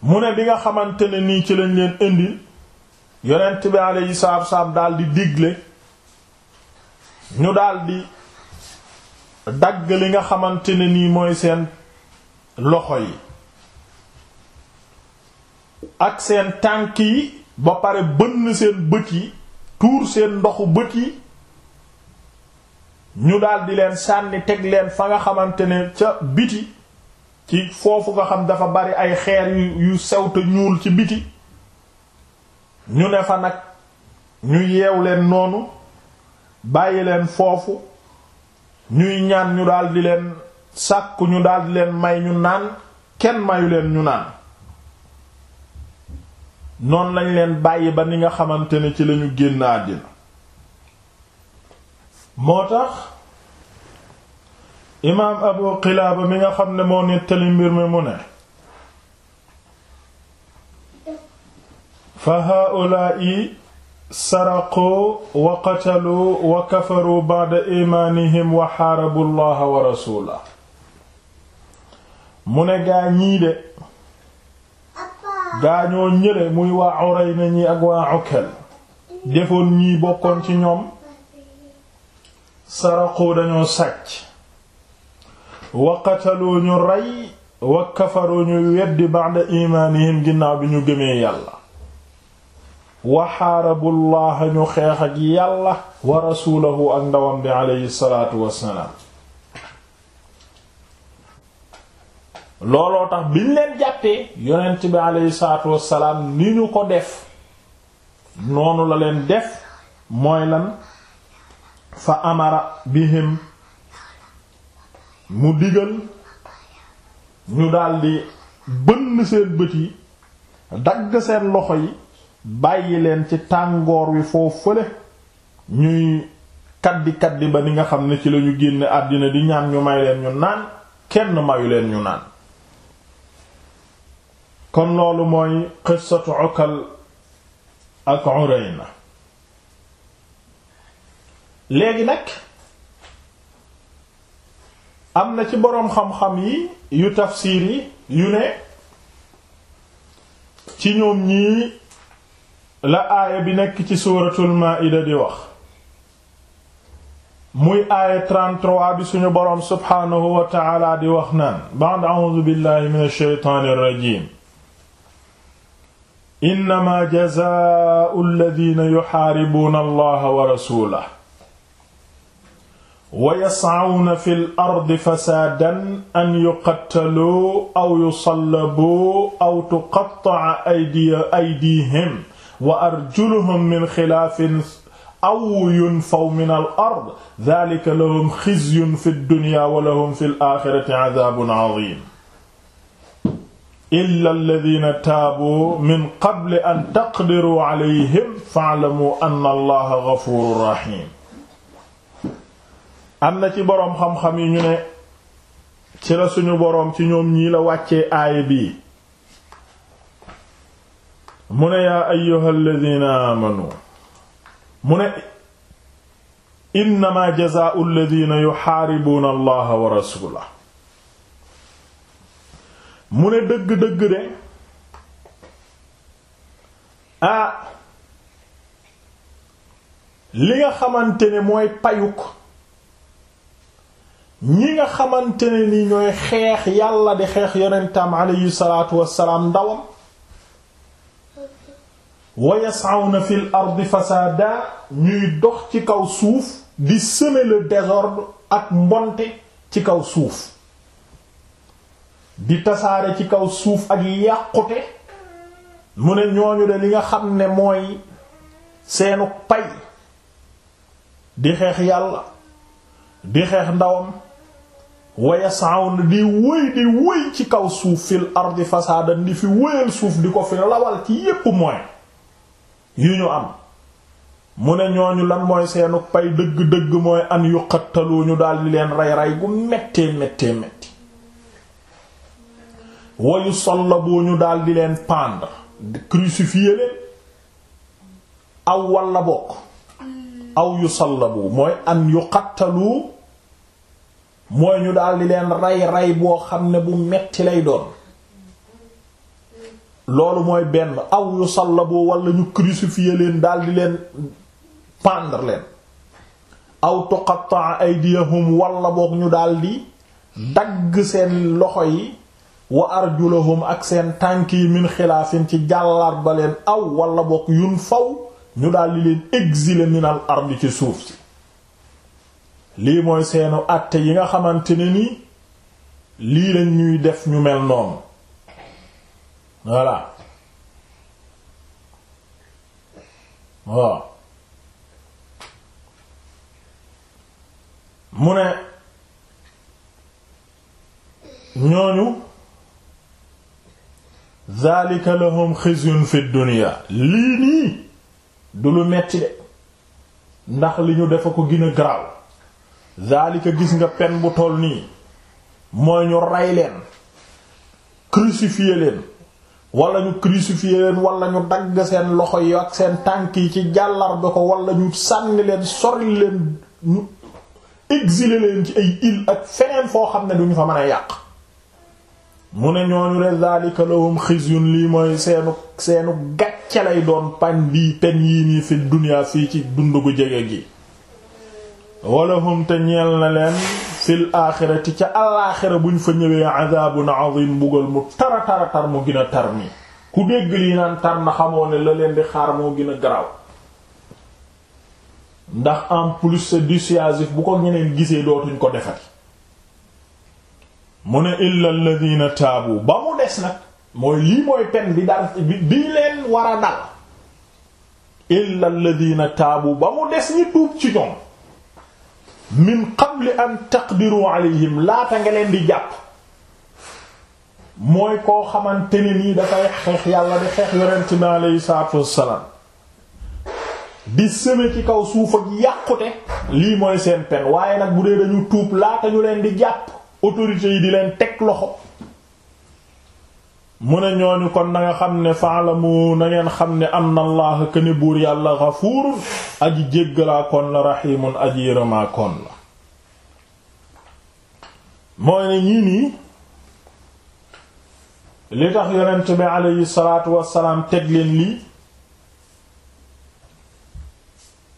mu ne bi nga xamante ne nii ci lañ leen indi yonent bi alayhi salaatu salaam daal di digle ñu daal di dagg li nga xamante ne nii mooy seen loxo yi ak seen tànk yi ba pare bënn seen bët yi tuur seen ndoxu bët yi ñu daldi leen sànni teg leen fa nga xamante ne ca biti ci foofu nga xam dafa bari ay xeer yu yu ñuul ci biti ñu ne fa nag ñu yeew leen noonu bàyyi leen foofu ñuy ñaan ñu daal leen sàkku ñu daal leen may ñu naan kenn mayu leen ñu naan noon lañ leen bàyyi ba ni nga xamante ne ci lañu génn àddina moo tax imaam Abu Qilaaba mi nga xam ne moo nettali mbir mi mu ne fa haa'ulaa'i saraqu wa qatalu wa kafaru ba'da imaanihim wa xaarabu llaha wa rasuulahu mu ne gaa ñii de gaañoo ñële muy waa na ñi ak waa Ukkal defoon ñii bokkoon ci ñoom saraqu dañoo sàcc wa qataluu ñu rey wa kafaru ñu weddi ba'da imaanihim ginnaaw bi ñu gëmee yàlla wa xaarabu ñu xeex ak yàlla wa rasuulahu ak ndawam bi aleyhi salaatu wassalaam looloo tax biñ leen jàppee yonent bi aleyhi salaatu wassalaam ni ñu ko def noonu la leen def mooy lan fa amara bi bihim mu digal ñu daldi bënn seen bët yi dagg seen loxo yi bàyyi leen ci tàngoor wi foofu fële ñuy kaddi kaddi ba ni nga xam ne ci lañu génn àddina di ñaan ñu may leen ñu naan kenn mayu leen ñu naan kon loolu mooy qissatu Ukal ak Urayna léegi nag am na ci boroom xam-xam yi yu tafsiir yi yu ne ci ñoom ñii la aaya bi nag ci suuratul Maa'ida di wax muy aaya 33 bi suñu boroom subhaanahu wa ta'aala di wax naan ba'd a'uuzu billaahi minash shaytaanir rajiim innama jazaa'u alladhina yuhaaribuuna allaha wa rasulahu wa yas'awna fil ardi fasaadan an yuqattaluu aw yusallabuu aw tuqatta'a aydiihim wa arjuluhum min xilaafin aw yunfaw min al ard dhaalika lahum khizyun fid dunyaa wa lahum fil aaxirati 'adhaabun 'adhiim illa alladina taabu min qabli an taqdiru alayhim fa'lamu anna allaha ghafurur am na ci boroom xam-xam yi ñu ne ci la suñu boroom ci ñoom ñii la wàccee aaya bii mu ne yaa ayyuha alladina amanu mu ne innama jazaa'u alladina yuhaaribuuna allaha wa rasulahu mu ne dëgg-dëgg de ah li nga xamante mooy payuk ñi nga xamante ne ni ñooy xeex yàlla di xeex yonentam alayhi salaatu wassalaam ndawam wa yas'awna fil ardi fasada ñuy dox ci kaw suuf di semer le désordre ak mbonte ci kaw suuf di tasaare ci kaw suuf ak yàqute mu ne ñooñu de li nga xam ne mooy seenu pay di xeex yàlla di xeex ndawam wa yas'awna di wëy di wëy ci kaw suuf fil ardi fasaadan di fi wëyal suuf di ko fi lawal ci yépp mooy yu ñu am mu ne ñooñu lan mooy seenu pay dëgg-dëgg mooy an yuqattalu ñu daldi leen rey rey gu mettee mettee wayu sollabu ñu daal leen pendre crucifier leen aw walla bokk aw yu sollabu mooy an yu xatalu mooy ñu daldi di leen rey rey boo xam ne bu metti lay doon loolu mooy benn aw yu sollabu wala ñu crucifier leen daal leen pendre leen aw ay aydiyahum walla bokk ñu daldi di dagg seen loxo yi wa arjulahum ak seen tànk yi min xilaafin ci jàllar leen aw wala bokk yun faw ñu daldi leen exiler minal ardi ci suuf si lii mooy seenu àtte yi nga xamante ne ni lii lañ ñuy def ñu mel noonu voilà waaw mu ne ñooñu zalika lahum xizyun fi dunya lii nii du lu metti de ndax li ñu dafa ko gën a garaaw gis nga pen bu tool nii mooy ñu rey leen crucifier leen wala ñu crucifier leen wala ñu dagg seen loxo yi ak seen tànk yi ci jàllar bi ko wala ñu sànni leen sori leen ñu exiler leen ci ay île ak feneen foo xam ne duñu fa mën a yàq mu ne ñooñu de zalika lahum xizyun lii mooy seenu seenu gàcce lay doon pañ bi pen yii nii fi dunya fii ci dund gu jege gi walahum te ñeel na leen fil aaxirati ca alaaxira buñ fa ñëwee azabun azim mbugal mu tara tara tar mu gën tar mi ku dégg lii naan tar na ne la leen di xaar moo gën a garaaw ndax en plus c'est dissuasif bu ko ñeneen gisee dootuñ ko defati mu ne illa alladhina taabu ba mu des nag mooy lii mooy pen bi dal bi leen war a dal illa alladhina taabu ba mu des ñi tuub ci ñoom min qabli an taqdiru alayhim laata nga leen di jàpp mooy koo xamante ni nii dafay xeex yàlla di xeex yonent bi aleyhi salaatu wassalaam di seme ci kaw suuf ak yàqute lii mooy seen pen waaye nag bu dee dañu tuub laata ñu leen di jàpp autorités yi di leen teg loxo mu ne ñooñu kon na nga xam ne faalamu na ngeen xam ne am na allah këne buur yàlla xafuur aji jéggalaa kon la raximun aji yërëmaa la mooy ne ñii li tax yonent bi aleyhi salaatu wassalaam teg leen lii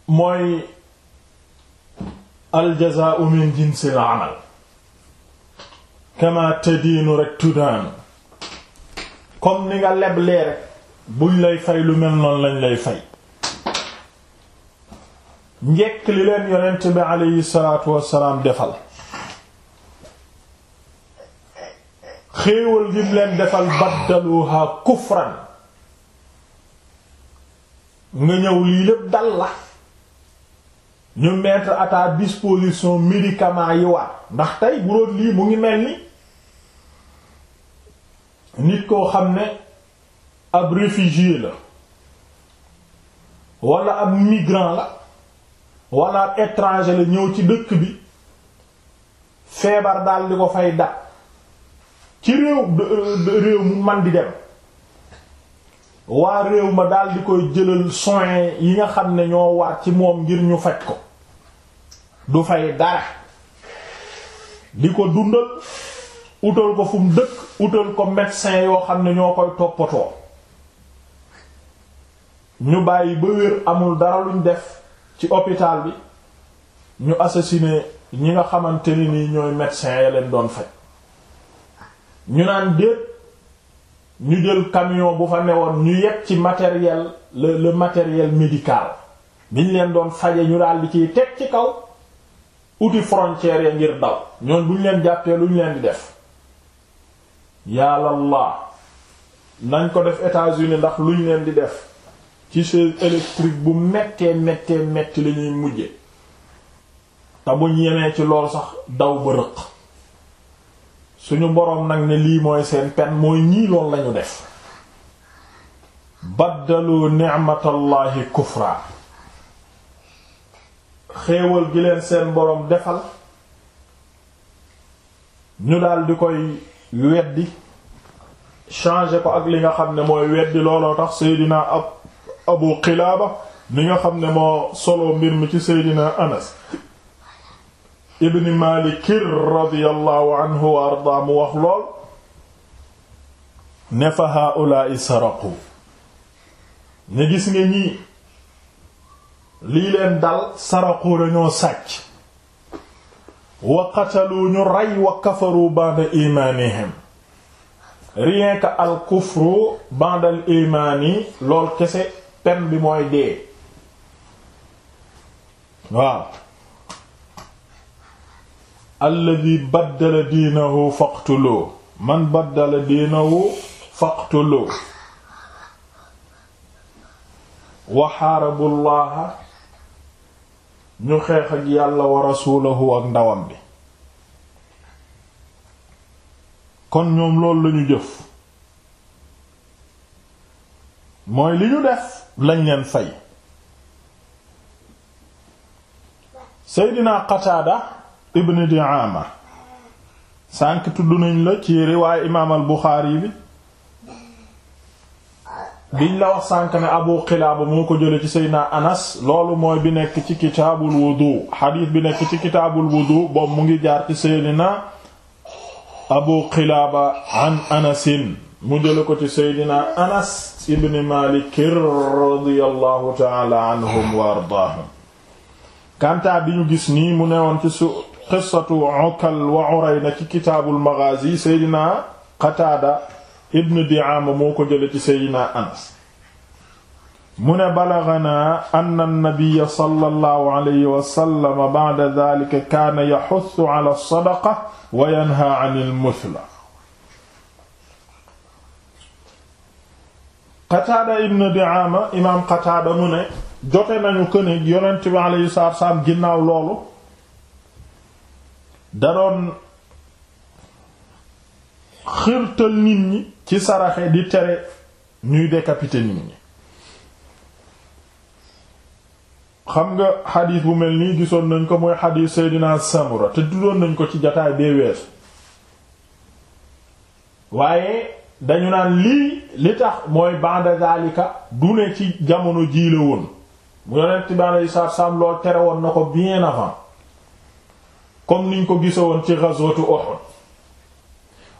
mooy aljazaa'u min jinsil amal kama tadiinu rek tudaanu comme ni nga leblee rek buñ lay fay lu mel noonu lañ lay fay njekk li leen yonent bi aleyhi salaatu wassalaam defal xéewal gi leen defal baddaluha kufran nga ñëw lii lépp dal la ñu mettre à ta disposition médicament yi war ndax tey bu lii mu ngi mel ni nit koo xam ne ab réfugié la wala ab migrant la wala ab étranger la ñëw ci dëkk bi feebar daal di ko fay da ci réew réew mu man di dem waa réew ma daal di koy jëlal soins yi nga xam ne ñoo war ci moom ngir ñu faj ko du fay dara di ko dundal utal ko fu mu dëkk utal ko médecin yoo xam ne ñoo koy toppatoo ñu bàyyi ba wér amul dara luñ def ci hôpital bi ñu assassiné ñi nga xamante ni nii ñooy médecin ya leen doon faj ñu naan déet ñu jël camion bu fa newoon ñu yegg ci matériel le le matériel médical biñ leen doon faje ñu daal di ciy teg ci kaw outil frontière ya ngir daw ñoon bu ñu leen jàppee lu ñu leen di def yàllallaa nañ ko def États-Unis ndax luñ leen di def ci seen électrique bu méttee méttee metti la mujje te buñ yemee ci lool sax daw ba rëq suñu boroom nag ne lii mooy seen pen mooy ñii lañu def baddalu ni'matallahi kufra xéewal gi leen seen boroom defal ñu daal di koy weddi changé ko ak li nga xam ne mooy weddi looloo tax Seydina Abu Qilaaba mi nga xam ne moo solo mbir mi ci Seydina Anas ibn Malikir radiyallahu anhu wa ardaa mu wax lool ne fa haa'ulaa'i saraqu ne gis nga ñii lii leen dal saraqu dañoo sàcc wa qatalu ñu rey wa kafaru ba'da imaanihim rien al kufru ba'da imaani lool kese pen bi mooy dee waaw alladi baddala diinahu faqtuloo man baddala diinahu faqtuloo wa xaarabu ñu xeex ak yàlla wa rasuulahu ak ndawam bi kon ñoom loolu lañu jëf mooy li ñu def lañ leen fay seydina qataada ibn di'ama sànk tudd nañ la ci riwaay imaam al bi biñ la wax ne Abu Qilaaba moo ko jële ci Seydina Anas loolu mooy bi nekk ci kitaabul wudu xadiis mu ngi jaar ci Seydina Abu Qilaaba an mu jële ko ci Seydina Anas ibn Maalik radiyallahu ta'ala anhum wa ardaahum kantaa bi ñu gis mu newoon ci su qissatu Ukal wa Urayna ci kitaabul Maghaazi Seydina Qataada ibn Di'aama moo ko jële ci seydina Anas mu ne balaganaa anna nabiyya sallallahu alayhi wa sallam ba'da dhaalika kaana yahuthu ala sadaqa wa yanhaa anil muthla Qataada ibn Di'aama imaam Qataada mu ne jote nañu kënig yonent bi alayhi salaatu wa salaam ginnaaw loolu da doon xirtal nit ñi ci saraxe di tere ñuy décapiter nit ñi xam nga xadiis bu mel nii gisoon nañ ko mooy xadiis Seydina Samura te tuddoon nañ ko ci jataay bee weesu waaye dañu naan lii li tax mooy ba'da zalika du ne ci jamono jii la woon mu yonent bi alayhi salaatu salaam lool tere woon na ko bien avant comme niñ ko woon ci ghazwatu Uhud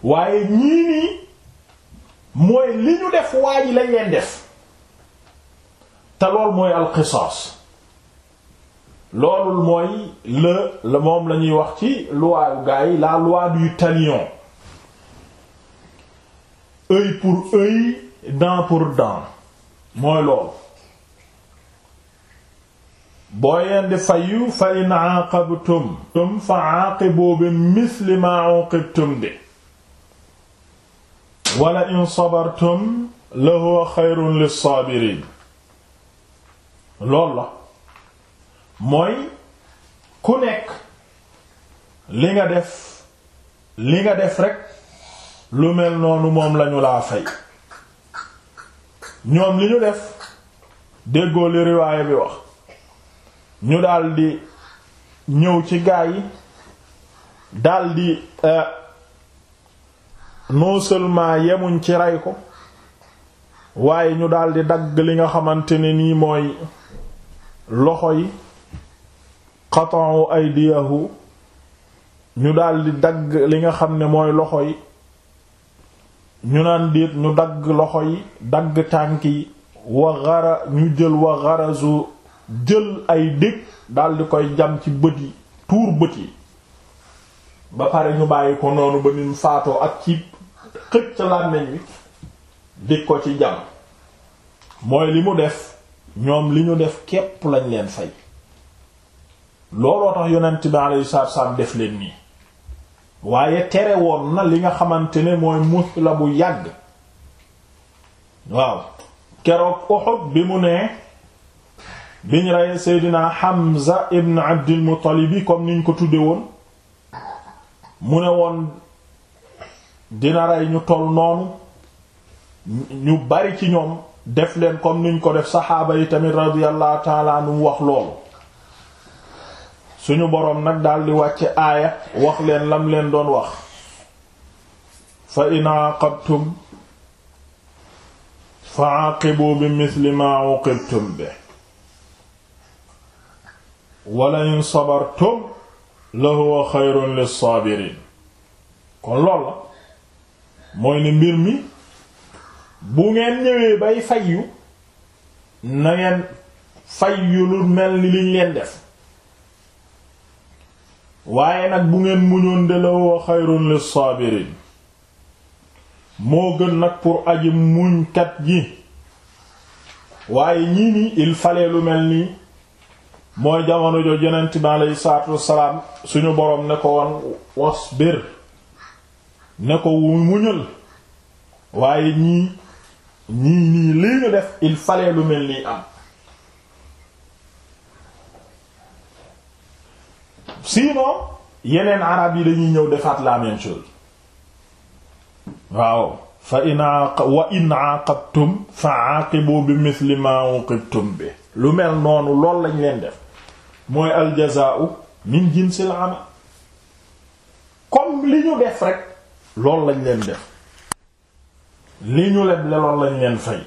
waaye ñii nii mooy li ñu def waa ji lañ leen def te lool mooy alqisaas loolul mooy la moom la ñuy wax ci loi yu gars yi la loi du talion œil pour œil dent pour dent mooy loolu boo yeen di fayu fa in aaqabtum tum fa aaqibu bi misli ma uqibtum de wala in sabartum la huwa xayrun lissaabiriin lool la mooy ku nekk li nga def li nga def rekk lu mel noonu moom lañu laa fay ñoom li ñu def déggoo li riwaaya bi wax ñu daldi ñëw ci gaa yi daldi euh, non seulement yemuñ ci rey ko waaye ñu daldi dagg li nga xamante ne nii mooy loxo yi ay aydiyahu ñu daldi dagg li nga xam ne mooy loxo yi ñu naan déet ñu dagg loxo yi dagg tànk yi wa xara ñu jël wa xarazu jël ay dég daldi koy jam ci bët yi tuur bët yi ba pare ñu bàyyi ko noonu ba nim faatoo ak ci xëcc làmmiñ wi di ko ci jam mooy li mu def ñoom li ñu def képp lañ leen fay looloo tax yonent bi alayhi salaatu salaam def leen nii waaye tere woon na li nga xamante ne mooy mus la bu yàgg waaw keroog Uhud bi mu nee biñ rey Seydina Hamza ibn Abdil Muttalib comme niñ ko tudde woon mu ne woon dina rey ñu toll noonu ñu bari ci ñoom def leen comme niñ ko def saxaaba yi tamit radiyallahu taala anhu wax loolu suñu boroom nag daldi wàcce aaya wax leen lam leen doon wax fa in aaqabtum fa aqibu bi misli ma uqibtum bi wala in sabartum la huwa xayrun lis saabiriin kon loolu la mooy ne mbir mi bu ngeen ñëwee bay fayyu na ngeen fayyu lu mel ni liñ leen def waaye nag bu ngeen muñoon de la wa xayrun lis-saabiriin moo gën nag pour aji muñkat ji waaye ñii ni il fallait lu mel nii mooy jamono jo Yonent bi aleyhi salaatu wassalaam suñu boroom ne ko woon wasbir ne ko muñal waaye ñii ñii nii lii ñu def il fallait lu mel nii am sinon yeneen arab yi dañuy ñëw defaat la même chose waaw fa in wa in aaqabtum fa aaqibu bi misli ma uqibtum bi lu mel noonu lool lañ leen def mooy al jazaa'u min jinsil amal comme li ñu def rek lool lañ leen def li ñu leble loolu lañ leen fay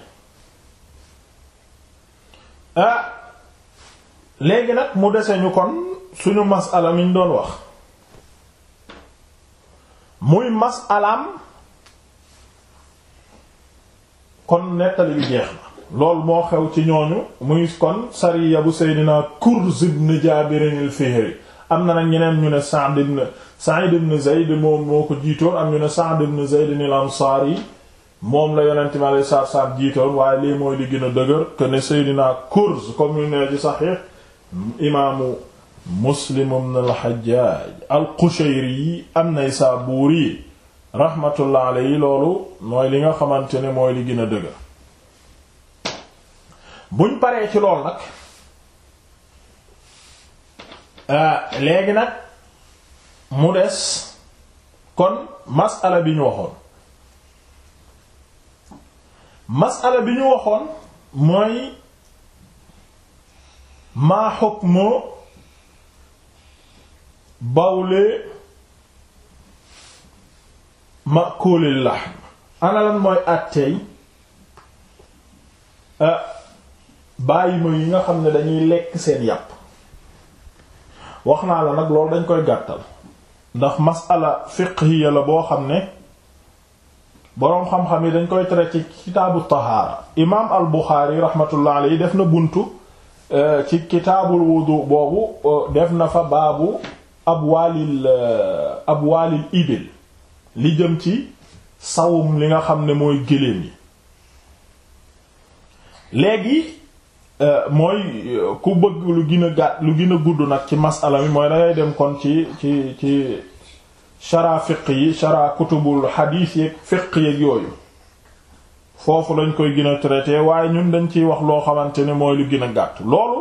ah, léegi nag mu dese ñu kon suñu masala mi ñu doon wax muy masalaam kon nettali bi jeex na loolu moo xew ci ñooñu muy kon sariya bu Seydina Kurz ibn Jaabir al-Fihri am na nag ñeneen ñu ne Sa'd ibn Sa'id ibn Zayd moom moo ko jiitoon am ñu ne Sa'd ibn Zayd al-Ansari moom la yonent mi alayhi salaatu salaam jiitoon waaye lii mooy li gën a dëgër que ne Seydina Kurz comme ñu ne ci Sahih imaamu Muslim ibn al-Hajjaj al-Qushayri an-Naysaburi rahmatullah alayhi loolu mooy li nga xamante ne mooy li gën a dëgër buñ paree ci lool nag ah, léegi nag. mu des kon masala bi ñu waxoon masala bi ñu waxoon mooy maa hukmu bawle makulil lahm ana lan mooy àtteey bàyyi ma yi nga xam ne dañuy lekk seen yàpp wax naa la nag loolu dañ koy gàttal ndax masala fiqhiya la boo xam ne boroom xam-xam yi dañ koy traité ci kitaabu tahaara imaam al buxaari rahmatullah alayhi def na buntu euh, ci kitaabul wudu boobu euh, def na fa baabu abwaalil euh, abwaalil ibil li jëm ci sawum li nga xam ne mooy gëléem yi léegi Euh, mooy euh, ku bëgg lu gën a gàtt lu gën gudd nag ci masala mi mooy dangay dem kon ci ci ci chara fiq yi chara kutubul xadiis yeeg fiq yeeg yooyu foofu lañ koy gën a traité waaye ñun dañ ciy wax loo xamante ne mooy lu gën a gàtt loolu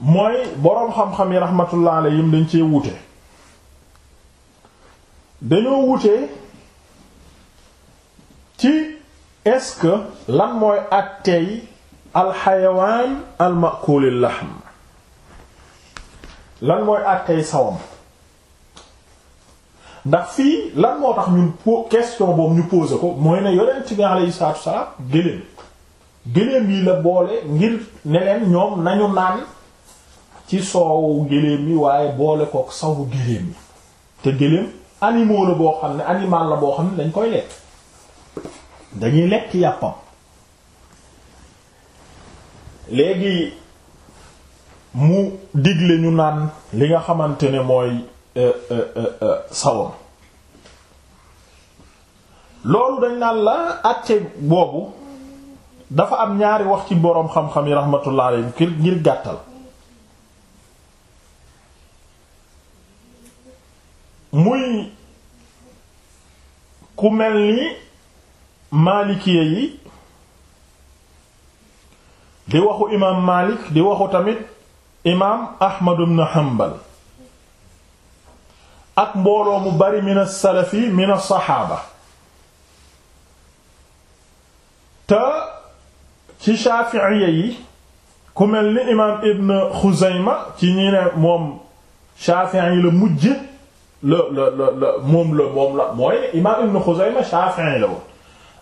mooy boroom xam-xam yi rahmatullah alayhim dañ cee wuute dañoo wuute ci est-ce que lan mooy àtteey alxayawaan almakulil lahm lan mooy àtteey sawam ndax fii lan moo tax ñun po question boobu ñu posé ko mooy ne yonent bi alayhi salaatu wasalaam gëléem yi la boole ngir ne leen ñoom nañu naan ci soowu gëléem yi waaye boole kook sawu gëléem yi te gëléem animaux boo xam ne animal la boo xam ne dañ koy lekk dañuy lekk yàppam léegi mu digle ñu naan li nga xamante ne mooy euh, euh, euh, sawam loolu dañ naan la àtte boobu dafa am ñaari wax ci boroom xam-xam yi rahmatullah alayhim ngir gàttal muy ku mel ni maalikiye yi di waxu imaam Maalik di waxu tamit imaam Ahmad ibn Hanbal ak mbooloo mu bari min as-salafi min as-saxaaba te ci shaafi'iyya yi ku mel ni imaam Ibn Xuzayma ci ñi ne moom shaafi'i yi la mujj la la la moom la moom la mooy imaam Ibn Xuzayma shaafi'i la woon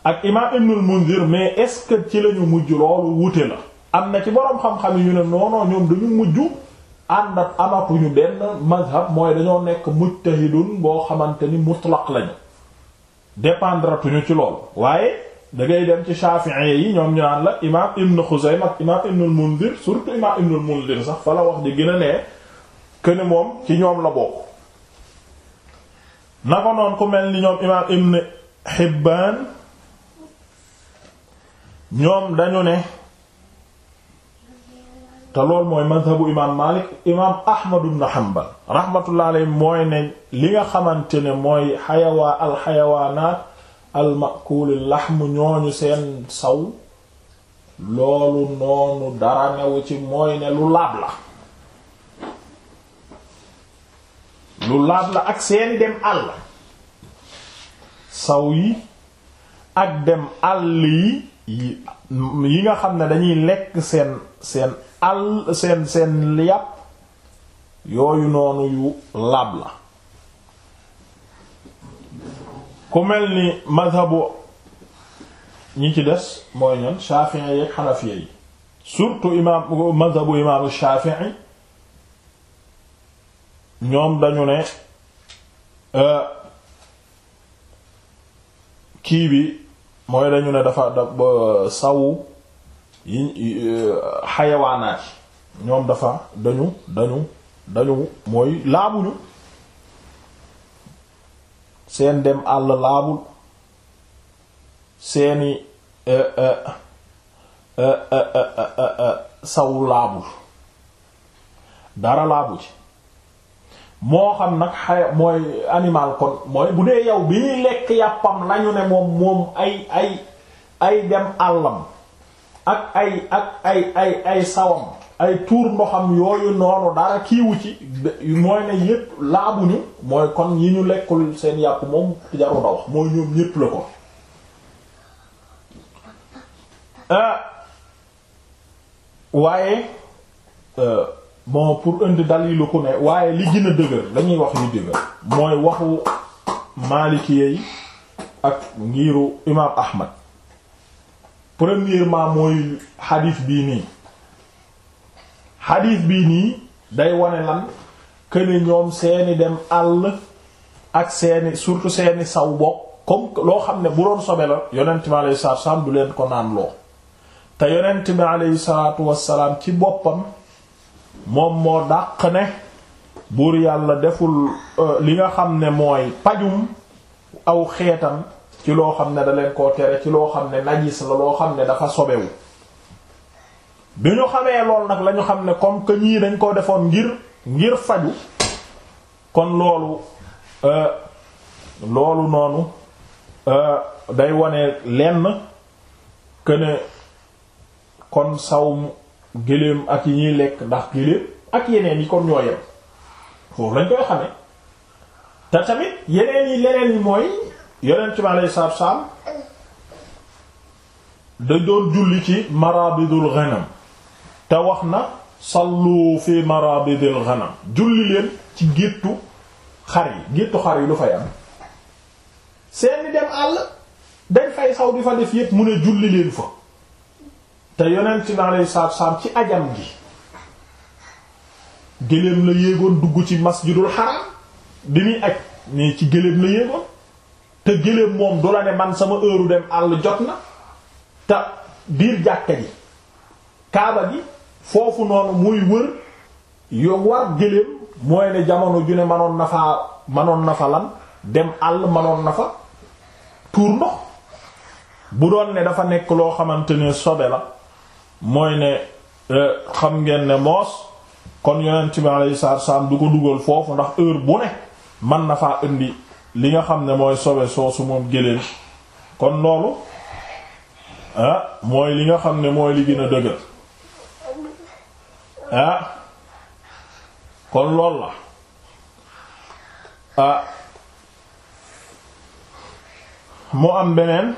ak imaam ibnul mundir mais est-ce que ci lañu mujj loolu wute la am na ci boroom xam-xam yi ñu ne noonoo ñoom dañu mujj ànd ak amatuñu benn mazhab mooy dañoo nekk mujtahidun boo xamante ni mutlaq lañu dépendratuñu ci loolu waaye dangay dem ci shafi'i yi ñoom ñu naan la imaam ibn Xuzayma ak imaam ibnul mundir surtout imaam ibnul mundir sax fa la wax di gën a nee que moom ci ñoom la bokk na ko noon ku mel ni ñoom imaam ibn Hibbaan ñoom dañu ne te lool mooy madhabu imaam Maalik imaam Ahmad ibn Hanbal rahmatullah alayhi mooy ne li nga xamante ne mooy xayawaa alxayawaanaat almakuuli laxm ñooñu seen saw loolu noonu dara newu ci mooy ne lu laab la lu laab la ak seeni dem àll saw yi ak dem àll yi yi nga xam ne dañuy lekk seen seen al seen seen yàpp yooyu noonu yu laab la ku mel ni mazhabu ñi ci des mooy ñan Shafi'i yeeg Hanafiya yi surtout imaam mazhabu imaamu Shafi'i ñoom dañu ne euh, kii bi mooy dañu ne dafa da sawu yi eh, xayawaanaat yi ñoom dafa dañu dañu dañu mooy laabuñu seen dem àll laabul seeni eh, eh, sawu laabul dara laabu ci moo xam nag xaya mooy animal kon mooy bu dee yow bi ñuy lekk yàppam lañu ne moom moom ay ay ay dem àllam ak ay ak ay ay ay sawam ay tuur ndoxam yooyu noonu dara kiiwu ci mooy ne yépp laabuñu mooy kon yi ñu lekkul seen yàpp moom jaru da wax mooy ñoom ñépp la ko euh, waaye euh, bon pour indi dalilu ko ne waaye li gën a dëgër dañuy wax li dëgër mooy waxu Maliki yi ak ngiru imaam Ahmad premièrement mooy xadiis bii nii xadiis bii nii day wane lan këne ñoom seeni dem àll ak seeni surtout seeni saw bokk comme loo xam ne bu doon sobe la yonent bi alayhi salaatu wassalaam du leen ko naan te yonent bi alayhi ci boppam moom moo dàq ne buur yàlla deful euh, li nga xam ne mooy pajum aw xeetan ci loo xam ne da leen koo tere ci loo xam ne najis la loo xam ne dafa sobewu bi ñu xamee lool nag lañu xam ne comme que ñii dañ koo defoon ngir ngir faju kon loolu euh, loolu noonu euh, day wone lenn que kon sawm géléem ak yi ñuy lekk ndax géléem ak yeneen yi kon ñoo yem foofu lañ koy xamee te tamit yeneen yi leneen yi mooy yonent bi alayhi salaatu salaam dañ doon julli ci marabidul ghanam te wax na sallu fi marabidil ghanam julli leen ci géttu xar yi géttu xar yi lu fay am seeni dem àll dañ fay xaw di fa def yépp mu ne julli leen fa te yonent bi alayhi salaatu wassalaam ci ajam gi gëléem la yéegoon dugg ci masjidul haram bi muy aj mais ci gëléem la yéegoon te gëléem moom du la ne man sama heure dem àll jot na te biir jàkka ji kaaba gi foofu noonu muy wër yo war mooy ne jamono ju ne manoon na faa manoon na fa lan dem àll manoon na fa tuur ndox bu doon ne dafa nekk loo xamante ne sobe la mooy ne euh, xam ngeen ne moos kon yonent bi alayhi salaatu salaam du ko dugal foofu ndax heure bu ne mën na faa indi li nga xam ne mooy sobe soosu moom géléem kon loolu ah mooy li nga xam ne mooy li gën a dëgër ah, kon loolu la ah mu am beneen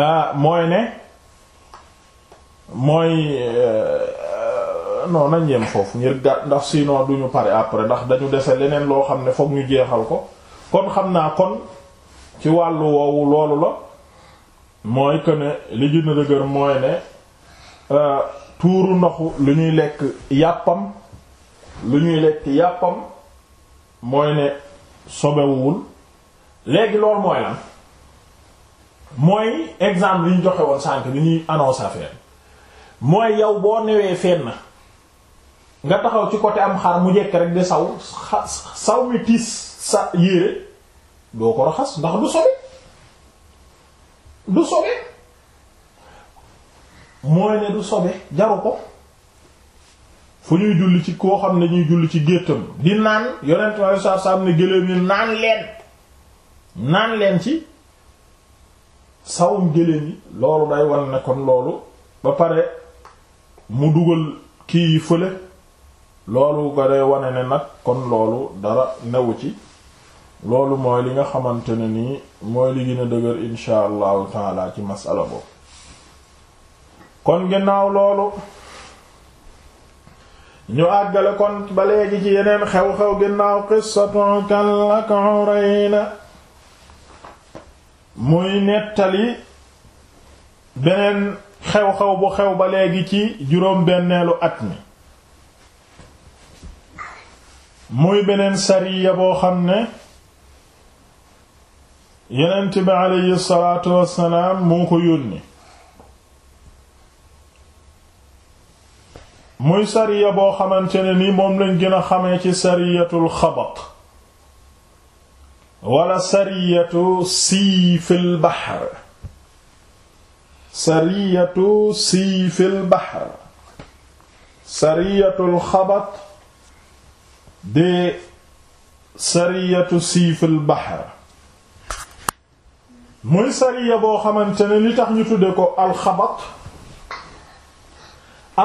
Ah, mooy ne mooy euh, non nañ yem foofu ngir gàtt ndax sinon duñu pare après ndax dañu dese leneen loo xam ne fokk ñu jeexal ko kon xam naa kon ci wàllu woowu loolu la mooy que ne li gën dëgër mooy ne euh, tuuru ndoxu lu ñuy lekk yàppam lu ñuy lekk yàppam mooy ne sobewul léegi loolu mooy lan mooy exemple li ñu joxe woon sànq bi ñuy annonce affaire mooy yow boo newee na nga taxaw ci côté am xar mu jekk rek di saw saw mi tiis sa yére doo ko raxas ndax du sobe du sobe mooy ne du sobe jaru ko fu ñuy julli ci koo xam ne ñuy julli ci géttam di naan yonent sallallahu alayhi wasallam ne gëléem ni naan leen naan leen ci sawum gëléem yi loolu day wan ne kon loolu ba pare mu dugal kii yi fële loolu nga day wane ne nag kon loolu dara newu ci loolu mooy li nga xamante ne nii mooy li gën a dëgër insha allahu ci masala boobu kon ginnaaw loolu ñu àggale kon ba léegi ci yeneen xew-xew ginnaaw qissatu kal ak urayna muy nettali beneen xew-xew bu xew ba léegi ci juróom-benneelu at mi muy beneen sariya boo xam ne yonent bi aleyhi salaatu wassalaam moo ko yónni muy sariya boo xamante ne nii moom lañ gën a xamee ci sariyatul xabat wala sariyatu siifil bahr sariyatu siifil bahr sariyatul xabat de sariyatu siifil bahr muy sariya boo xamante ne li tax ñu tudde ko alxabat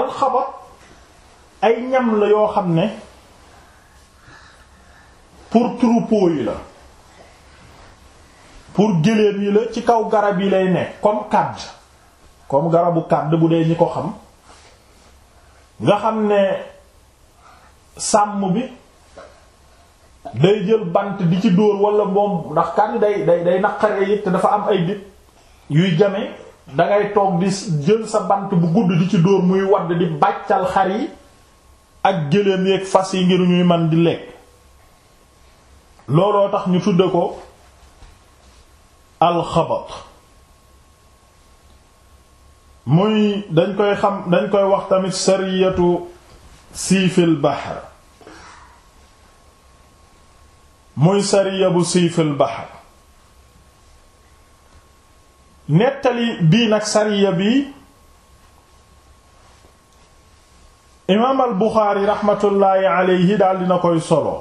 alxabat ay ñam la yoo xam ne pour yi la pour gëléem yi la ci kaw garab yi lay ne comme kàdd comme garabu kàdd bu dee ñi ko xam nga xam ne sàmm bi day jël bant di ci dóor wala moom ndax kan day day day naqare te dafa am ay dit yuy jame dangay toog di jël sa bant bu gudd di ci dóor muy wadd di bàccal xar yi ak gëléem yeeg fas yi ngir ñuy man di lekk looloo tax ñu tudde ko alxabat muy dañ koy xam dañ koy wax tamit sariyatu siifil bahr muy sariya bu siifil bahr nettali bii nag sariya bi imaam al buxaari raxmatullaahi aleyhi daal dina koy solo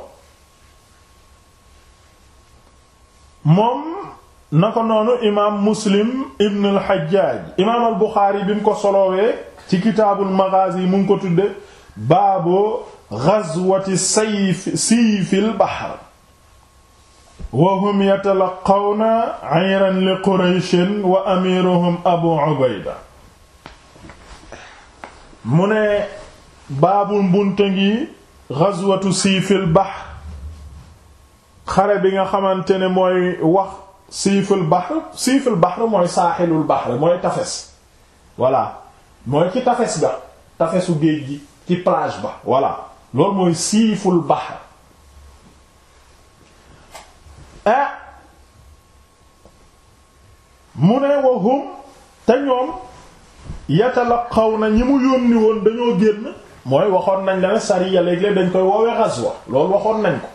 moom na ko noonu imaam muslim ibn al xajjaaj imaam al buxaari bi ko solowee ci kitaabul magaazi mu ngi ko tudde baabu gazwati sayf siifil bahr wa hum yatalaqawna ayran li qurayshin wa amiruhum abu ubayda mu ne baabul bunta ngi gazwatu siifil bahr xare bi nga xamante ne mooy wax siiful bahr siiful bahr mooy saaxilul bahr mooy tafes voilà mooy ci tafes ga tafesu géej gi ci plage ba voilà loolu mooy siiful bahr ah eh? mu ne wa te ñoom yatalaqawna ñi mu yónni woon dañoo génn mooy waxoon nañ la ne sariya léeg-léeg dañ koy woowee ghazwa loolu waxoon nañ ko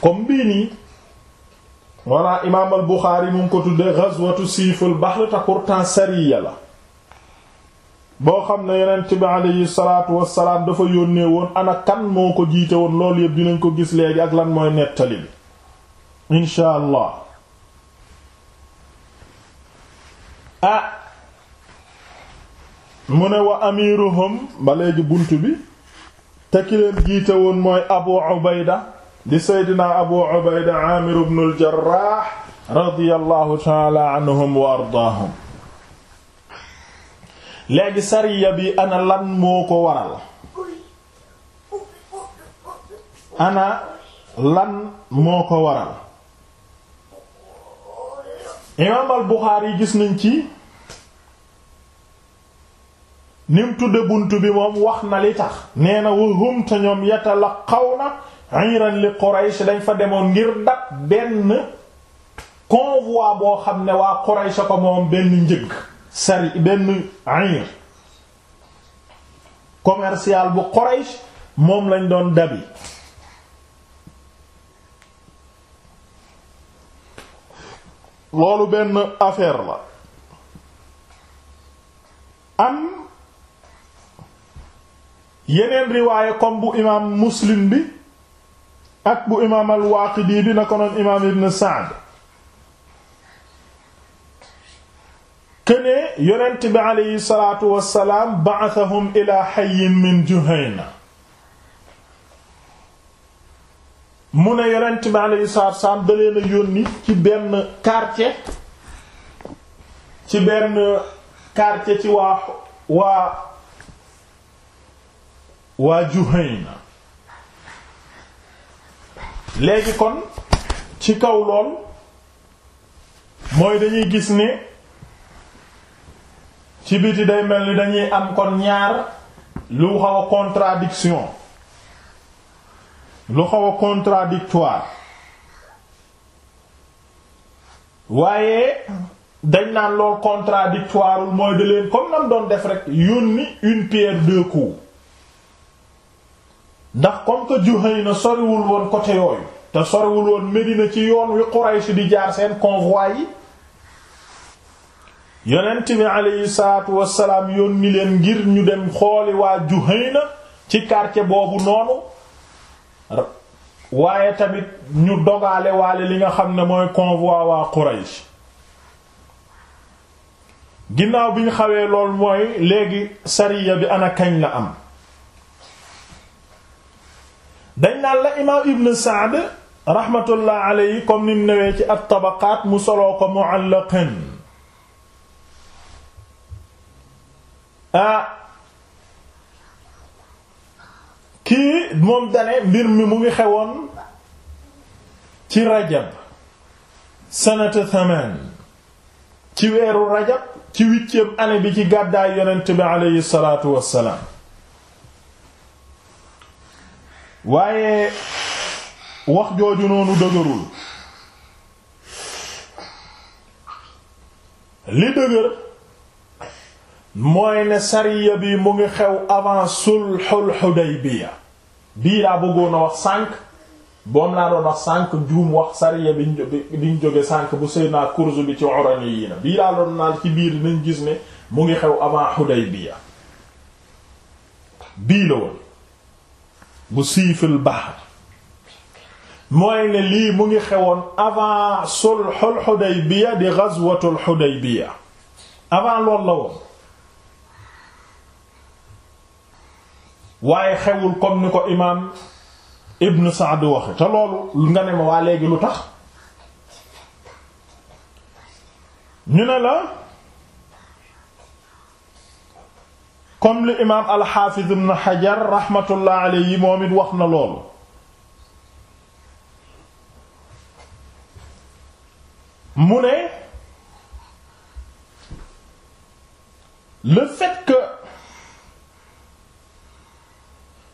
comme bii nii walla imaam al Buxaari mu ngi ko tudde ghazwatu siiful bahr te sariya la boo xam ne yonent bi aleyhi salaatu wassalaam dafa yónnee woon ana kan moo ko jiite woon loolu yëpp dinañ ko gis léegi ak lan mooy nettali bi insha allah ah mu ne wa amiruhum ba léegi bunt bi te ki jiite woon mooy Abu Ubayda di seydina abu ubayda aamir bnul jarraax radiyallahu taala anhum wa ardaahum léegi sariya bi ana lan moo ko waral ana lan gis nañ ci nim tudde bunt bi moom wax na li tax nee na wahum te ñoom yatalaqawna ayran li Quraysh fa demoon ngir dab benn moom lañ doon dabi loolu benn affaire la am yeneen riwaaye comme bu imaam Muslim bi ak bu imaam al-Waaqidi bi na ko noon imaam Ibn Sa'd këne yonent bi aleyhi salaatu wassalaam ba'athahum ilaa hayyin min Juhayna mu ne yonent bi aleyhi salaatu wassalaam da leen a yónni ci benn quartier ci benn quartier ci waa waa Juhayna léegi kon ci kaw lool mooy dañuy gis ni ci biti day mel ni dañuy am kon ñaar lu xaw a contradiction lu xaw a contradictoire waaye dañ naan lool contradictoire mooy da leen comme nam doon def rek yónni une pierre deux ndax comme que na soriwul woon côté yooyu te sorewul woon Medina ci yoon wi Quraysh di jaar seen convoi yi yonent bi aleyhi salaatu wassalaam yónni leen ngir ñu dem xooli waa Juhayna ci quartier boobu noonu waaye tamit ñu dogaale li nga xam ne mooy convoi waa Quraysh ginnaaw bi ñu xawee lool mooy léegi sariya bi ana kañ la am dañ naan la imaam Ibn Sa'd raxmatullah alayhi comme nim newee ci at tabaqaat mu soloo ko muallaqan ah mbir mi mu xewoon ci rajab sanata thaman ci weeru rajab ci huitième année bi ci gàddaay yonent bi aleyhi salaatu wassalaam waaye wax jooju noonu dëgërul li dëgër mooy ne sariya bi mu ngi xew avant sulhul Hudaybiya bii laa bëggoon a wax sànq boom laa doon wax sànq juum wax sariya bi diñ jóge sànq bu Seydina Kurzu bi ci Uraniyiina bii laa doon naal ci biir nañ gis ne mu ngi xew avant Hudaybiya bii la woon bu siifil bahr mooy ne lii mu ngi xewoon avant sulhul Hudaybiya di ghazwatul Hudaybiya avant loolu la woon waaye xewul comme ni ko imaam Ibn Sa'd waxe te loolu nga ne ma waa léegi lu tax ñu ne la comme li imaam al-Hafiz Ibn Hajar rahmatullah alayhi moom it wax na loolu mu ne le fait que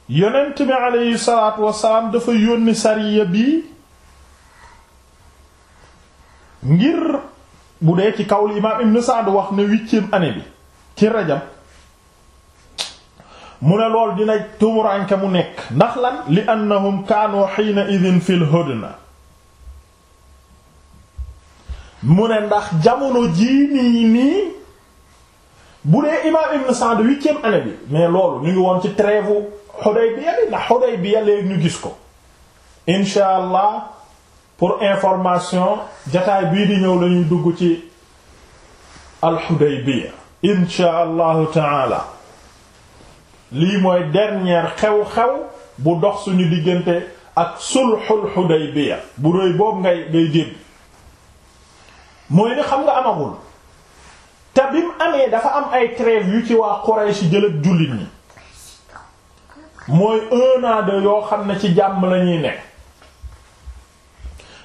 yonent bi aleyhi salaatu dafa yónni sariya bi ngir bu dee ci kawl imaam Ibn Sa'd wax ne huitième année bi ci rajab mu ne lool dina tumuranke mu nekk ndax lan li annahum kaanu hiina idin fil hudna mu ne ndax jamono jii nii bu dee imaam Ibn Sa'd huitième année bi mais loolu ñu ngi woon ci trêve Hudaybiya bi ndax Hudaybiya léegi ñu gis ko incha allah pour information jataay bii di ñëw lañuy dugg ci al Hudaybiya incha allahu taala lii mooy dernier xew-xew bu dox suñu diggante ak sulhul Hudaybiya bu rëy boobu ngay ngay dégg mooy ne xam nga amagul te bi mu amee dafa am ay trêve yu ci waa Quraysh jëlëg jullit ñi mooy un yoo xam ne ci jàmm la ñuy ne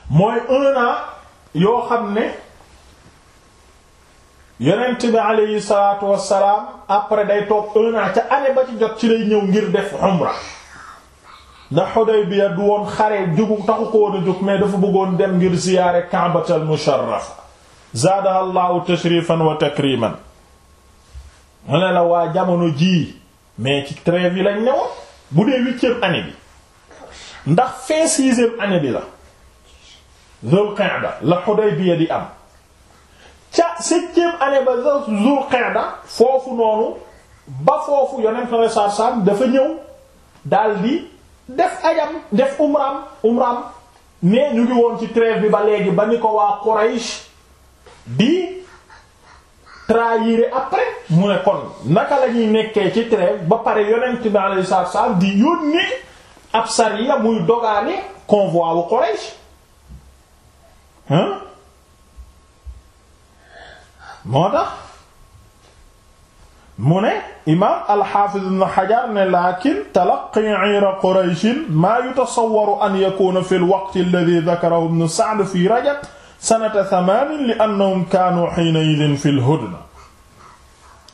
mooy un yoo xam ne yonent bi aleyhi salaatu wassalaam après day toog un an ca année ba ci jot ci lay ñëw ngir def umra ndax Hudaybiya du woon xare jugu taxu ko woon a jóg mais dafa bëggoon dem ngir ziyaare Ka'batal Musharrafa zaadaha allahu tashrifan wa takriman mu ne la waa jamono jii mais ci trêve yi lañ newoon bu dee huitième année bi ndax fin sixième année bi la zul qa'da la Hudaybiya di am ca septième année ba zul qa'da foofu noonu ba foofu yonent na sar sam dafa ñëw di def ajam def umraam umraam mais ñu ngi woon ci trêve bi ba léegi ba ni ko waa Quraysh di trahir après mu ne kon naka la ñuy nekkee ci trêve ba pare yonent bi alayhi salaatu di yónnee ab sariya muy dogaane convoi wu Quraysh hein mu ne imaam alxaafiz ibn xajar lakin talaqi ciira qurayshin maa yutasawwaru an yakuna fi lwaqti alladi dakarahu ibn sanata thamaanin li annahum kaanu xiina idin fil hudna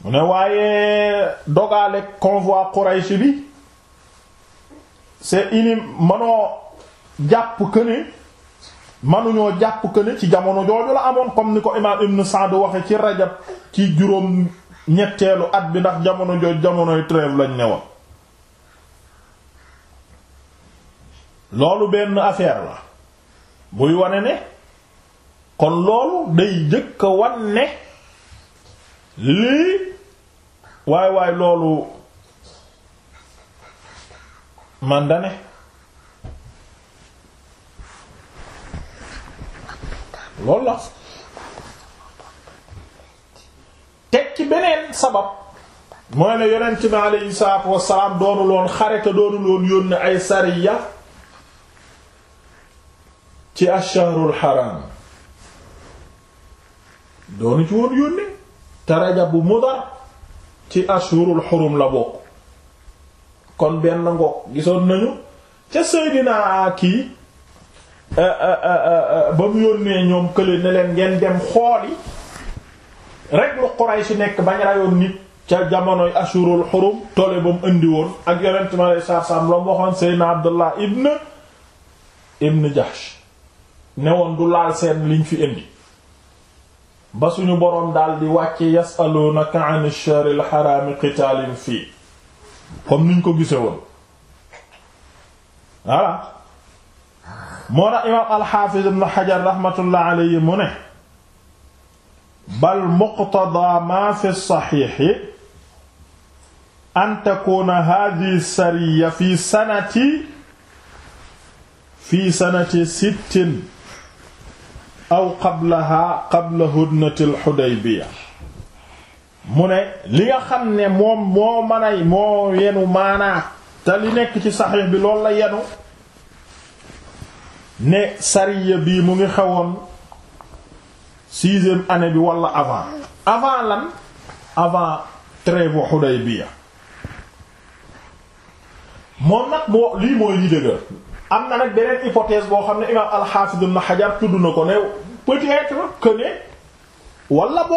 mu ne waaye dogaale convoi Quraysh bi c'est inim manoo jàpp këne manuñoo jàpp këne ci jamono jooju la amoon comme ni ko imaam Ibn Sa'd waxe ci rajab ci juróom ñetteelu at bi ndax jamono jooj jamonoy trêve lañ ne woon loolu benn affaire la buy wane ne kon loolu day jëkka a ne lii waay waay loolu man da la teg ci beneen sabab mooy ne yonent bi aleyhi salaatu wassalaam doonu loon xare te doonu loon yónni ay sariya ci asharul haram doonu ci woon yónnee te rajab bu mudar ci ashurul xurum la bokk kon benn ngoog gisoon nañu ca Seydina kii eh, eh, eh, ba mu yónnee ñoom kële ne leen ngeen dem xooli rek lu Quraysh nekk bañ rayoon nit ca jamonoy ashurul xurum toole ba mu indi woon ak yonent mi aleyhi salaatu salaam la mu Abdullah ibn ibn Jahsh ne woon du laal seen liñ fi indi ba suñu boroom daal di wàcce yasaluunaka an shahril xaraami qitaalin fii comme niñ ko gise woon voilà moo na imaam alxaafiz ibn xajar raxmatullah alayhi mu ne bal muqtadaa maa fi saxiixi an takuuna haadihi sariya fi sanati fi sanati sittin aw qablaha qabla hudnatil Hudaybiya mu ne li nga xam ne moom moo mën a moo yenu maanaa te li nekk ci saxiix bi loolu la yenu ne sariya bii mu ngi xewoon sixième année bi walla avant avant lan avant trêve Hudaybiya moom nag moo lii mooy li dëgër am na nag beneen hypothèse boo xam ne imaam al-Hafiz Ibn Hajar na ko ne peut-être que ne wala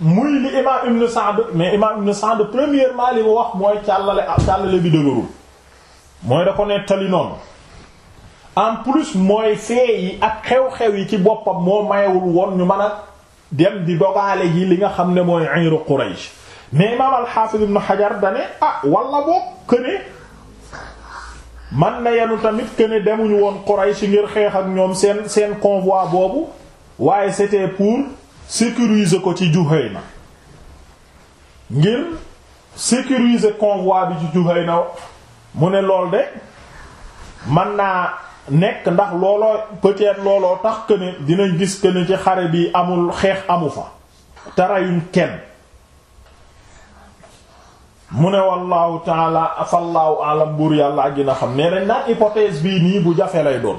muy li imaam Ibn Sa'd mais imaam Ibn Sa'd premièrement li mu wax mooy càllale càllale bi dëgërul mooy da ko nettali noonu en plus mooy fee yi ak xew-xew yi ci boppam moo mayewul woon ñu mën a dem di dogaale ji li nga xam ne mooy iru mais imaam al-Hafiz Ibn dane ah wala boog que man na yenu tamit que demuñu woon Quraysh ngir xeex ak ñoom seen seen convoi boobu waaye c'était pour sécuriser ko ci Juhayna ngir sécuriser convoi bi ci na mu ne lool de man naa nekk ndax looloo peut looloo tax que dinañ gis que ci xare bi amul xeex amu fa te reyuñ kenn mu ne wallaahu taala fallaahu alam buur yàlla gën a xam mais dañ naan hypothèse bii nii bu jafee lay doon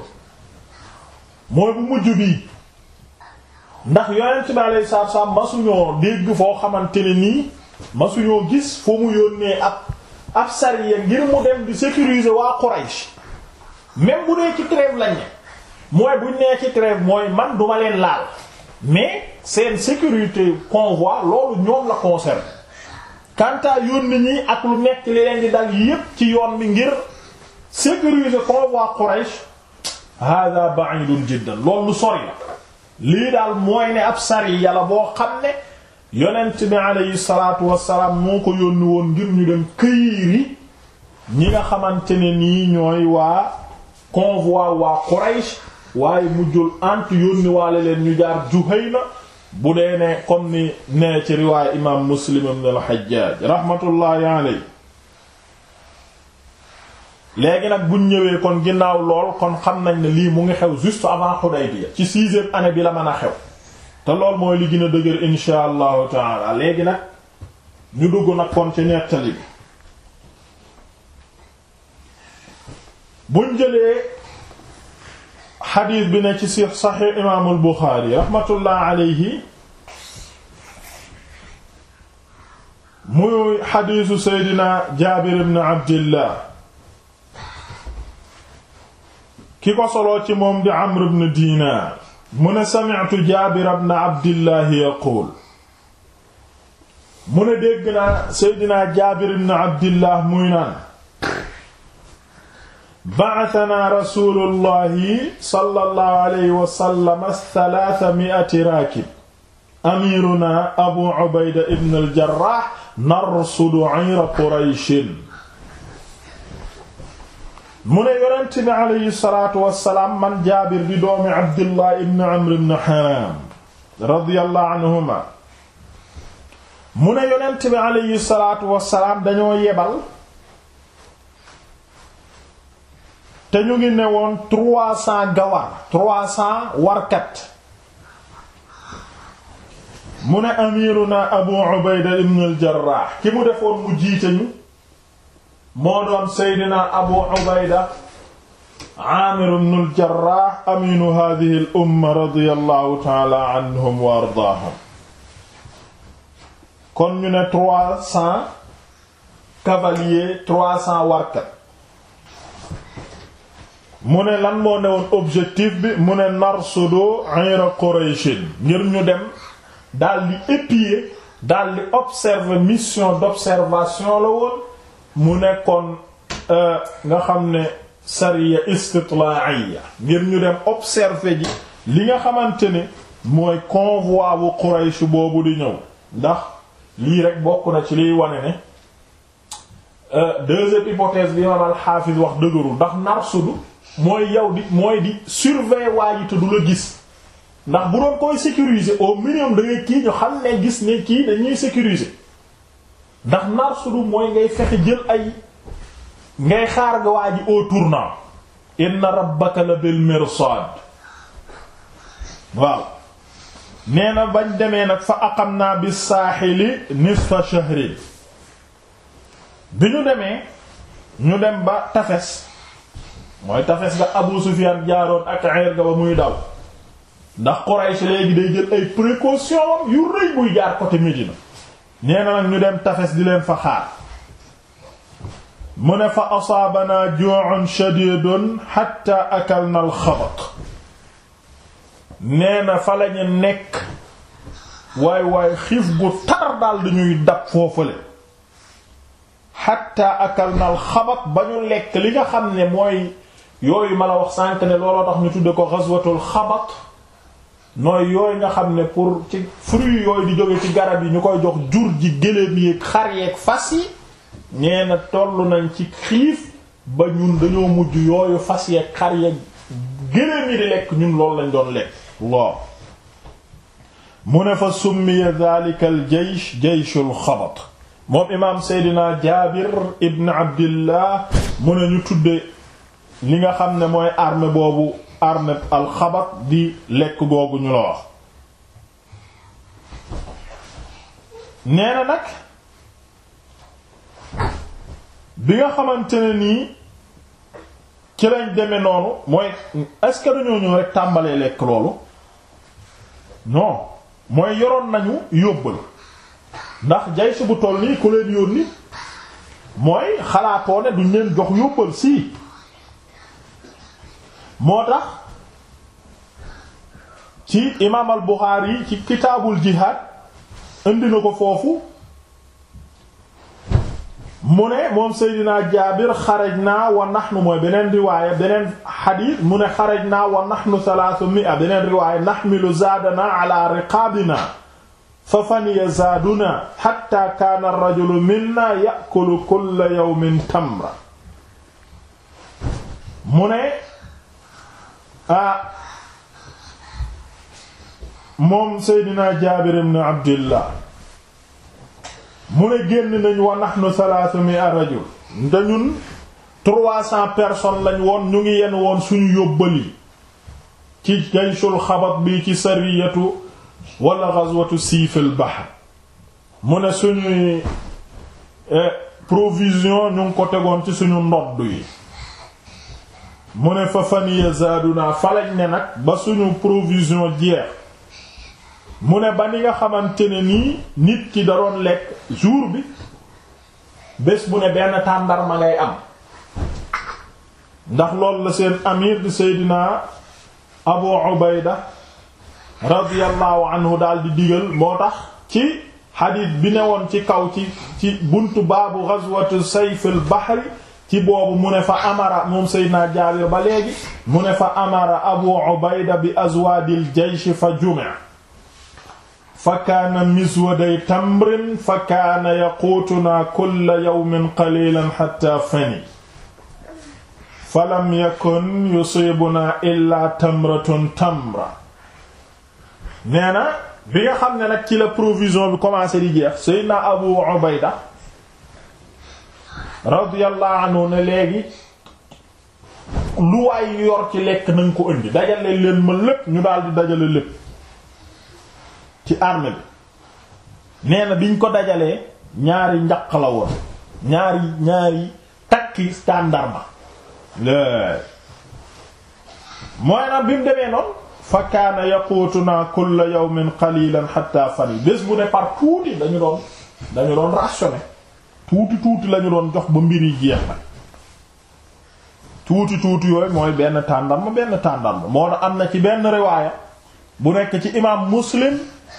mooy bu mujj bii ndax yonent bi alayhi salaatu salaam masuñoo dégg foo xamante ne nii masuñoo gis fu mu yónnee ab ab sariya ngir mu dem di sécuriser waa Quraysh même bu dee ci trêve lañ ne mooy buñ nee ci trêve mooy man duma leen laal mais seen sécurité convoi loolu ñoom la concerne kanta yónni ñi ak lu nekk leen di dal yépp ci yoon mi ngir sécuriser convoi Quraysh hada ba'idun jiddan loolu lu lii daal mooy ne ab sari yàlla boo xam ne yonent bi alayhi salatu wasalaam ko yónni woon ngir ñu dem këyiiri ñi nga xamante ne nii ñooy waa convoi waa Quraysh waaye mujjul ant yónni waale leen ñu jaar Juhayna bu dee ne comme ni nee ci riwaay imaam muslim ibn al-Hajjaj rahmatullahi alayhi léegi nag buñ ñëwee kon ginnaaw lool kon xam nañ ne lii mu ngi xew juste avant Hudaybiya ci sixième année bi la mën a xew te lool mooy li gën a dëgër insha allahu taala léegi nag ñu dugg nag kon ci nettali bi buñ jëlee xadiis bi ne ci si saxiix imaamul Buxaari raxmatullah alayhi muy xadiisu seydina Jaabir ibn Abdillah ki ko soloo ci moom di Amr ibn Diinaar mu ne sami'tu Jaabir ibn Abdillah yaquul mu ne dégg naa seydina Jaabir ibn Abdillah muy naan ba'athanaa rasuulullahi sallallahu alayhi wa sallam thalaatha mi'ati raakib amiirunaa abu ubayda ibn al-jarraah narsudu 'ayra qurayshin mu ne yonent bi alayhi salaatu wa salaam man jaabir di doomi abdullah ibn amr ibn haraam radiyallahu anhuma mu ne yonent bi alayhi salaatu wa salaam dañoo yebal te ñu ngi ne woon trois cents gawar trois cents warkat mu ne amiruna abu ubayda ibn al ki mu defoon mu jiite ñu moo doon seydina abu ubayda amir ibn al jarrah aminu hadhihi al umma radiyallahu ta'ala anhum wa warkat mu ne lan moo ne woon objectif bi mu ne narsudu ayra Qurayshin ngir ñu dem daal di épier daal mission d'observation la woon mu nekkoon euh, nga xam ne sariya istitla'iya ngir ñu dem observer ji li nga xamante ne mooy convoi bu Quraysh boobu di ñëw ndax lii rek bokk na ci liy wane ne euh, deuxième hypothèse bi imaam al-Hafiz wax dëgërul ndax narsudu mooy yow di mooy di surveiller waa ji te du la gis ndax bu doon koy sécuriser au minimum da kii ñu xam ne gis ne kii dañuy sécuriser ndax nar sudu mooy ngay fexe jël ay ngay xaar nga waa ji au tournant inna rabbaka la bil mirsad waaw nee na bañ demee nag fa naa bi saaxili nisfa shahrin bi ñu demee ñu dem ba tafes mooy tafes nga Abu Sufyan jaaroon ak xeer ga ba muy daw ndax Quraysh léegi day jël ay précaution yu rëy buy jaar côté Médina nee na ñu dem tafes di leen fa xaar mu ne fa asaabanaa ju'un shadidun hatta akalna al-xabat nee na fa lañu nekk waay waay xiif gu tar daal dañuy dab foofale hatta akalna al-xabat ba ñu lekk li nga xam ne mooy yooyu ma la wax sànq ne looloo tax ñu tudde ko ghazwatul xabat nooy yooyu nga xam ne pour ci fruit yooyu di jóge ci garab yi ñu koy jox jur ji gëléem yi xar yi fas yi nee na toll nañ ci xiif ba ñun dañoo mujj yooyu fas yeek ak xar yi ak gëléem yi di lekk ñun loolu lañ doon lekk waaw mu ne fa summiya dhalika al jaysh jayshul xabat moom imaam seydina jaabir ibn abdillah mu ne ñu tudde li nga xam ne mooy armée boobu armée alxabat di lekk googu ñu la wax nee na nag bi nga xamante ne nii ci lañ demee noonu mooy est-ce que dañoo rek tàmbalee lekk loolu non mooy yoroon nañu yóbbal ndax jaysu bu toll nii ku leen yónni mooy xalaatoo ne duñ leen jox yóbbal si moo tax ci imaam al Buxaari ci kitaabul jihaad indi ko foofu mu ne moom Seydina Jaabir xarajnaa wa nahnu mooy beneen riwaaya beneen xadiis mu ne xarajnaa wa nahnu salaasu mi'a beneen riwaaya nahmilu zaadanaa ala riqaabinaa fa faniya zaadunaa hattaa kaana ar-rajulu minnaa ya'kulu kulla tamra mu ah moom seydina jaabir ibn abdillah mu ne génn nañ wa nahnu salaasu mi'a rajul dañun trois cents personnes lañ woon ñu ngi yenn woon suñu yóbbal yi ci jayshul xabat bi ci sariyatu wala ghazwatu siifil bahr mu ne suñuy eh, provision ñu ngi ko tegoon ci suñu ndodd yi mu ne fa faniya zaaduna falañ ne nag ba suñu provision jeex mu ne ba ni nga xamante ne nii nit ki da doon lekk jour bi bés bu ne benn tàndarma ngay am ndax loolu la seen amir di seydinaa abu ubayda radiyallahu anhu daal di digal moo tax ci xadiit bi ne woon ci kaw ci ci buntu baabu ghazwatu sayf al ci boobu mu ne fa amara moom Seydina Jaabir ba léegi mu ne fa amara Abu Ubayda bi azwaadil jaysh fa jumi'a fa kaana miswaday tamrin fa kaana yaquutunaa kulla yawmin qaliilan hattaa fani fa lam yakun yusiibunaa illaa tamratun tamra nee na bi nga xam ne nag ci la provision bi commencé di jeex Seydina Abu Ubayda radiyallahu anhu ne léegi lu waay yor ci lekk nañ ko indi dajale leen ma lépp ñu daal di dajale lépp ci arme bi nee na biñ ko dajalee ñaari njaq la woon ñaari ñaari takki standarma la mooy nag bi mu demee noonu fa kaana yaquutuna kulla yawmin qalilan hatta fani bés bu ne par tuuti dañu doon dañu tuuti tuuti lañu doon jox ba mbir yi jeex na tuuti tuuti yooyu mooy benn tàndarma benn tàndarma moo tax am na ci benn riwaaya bu nekk ci imaam muslim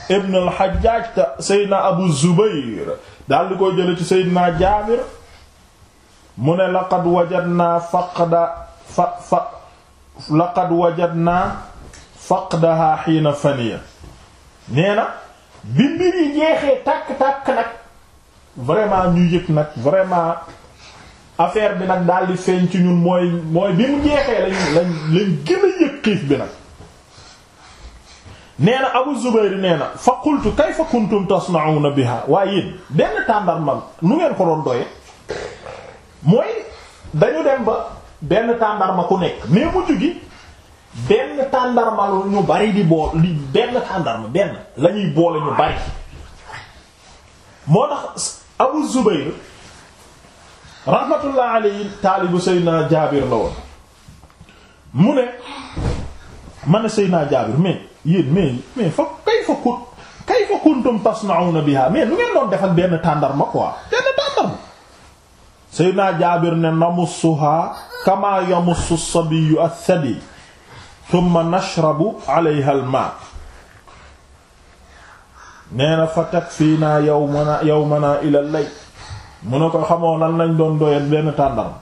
ibn al-Hajjaj te Seydina Abu Zubayr daal di koy jële ci Seydina Jaabir mu ne laqad wajadnaa faqda fa fa laqad wajadnaa faqdaha hiina faniya nee na bi mbir jeexee tàkk-tàkk nag vraiment ñu yëg nag vraiment affaire bi nag daal di feeñ ci ñun mooy mooy bi mu jeexee lañ lañ lañ gën a yëg xiif bi nag nee na Abu Zubayr nee na fa qultu kayfa kuntum tasna'una biha waaye yéen benn tàndarma nu ngeen ko doon doyee mooy dañu dem ba benn tàndarma ku nekk mais mujj gi benn tàndarma lu ñu bari di bool li benn tàndarma benn la boole ñu bari moo tax abu zubayr rahmatullah alayhi taalibu seydina jaabir la woon mu ne ma ne seydina jaabir mais yéen mais mais fa kayfa kun kayfa kuntum tasna'una biha mais lu ngeen doon defal benn tàndarma quoi benn tàndarma seydina jaabir ne namussuha kama yamussu as-sabiyyu ath-thadi thumma nashrabu fii nee na fa takfiinaa yawmana yawmana ilal lay mu ne ko xamoo lan lañ doon doyal benn tàndarma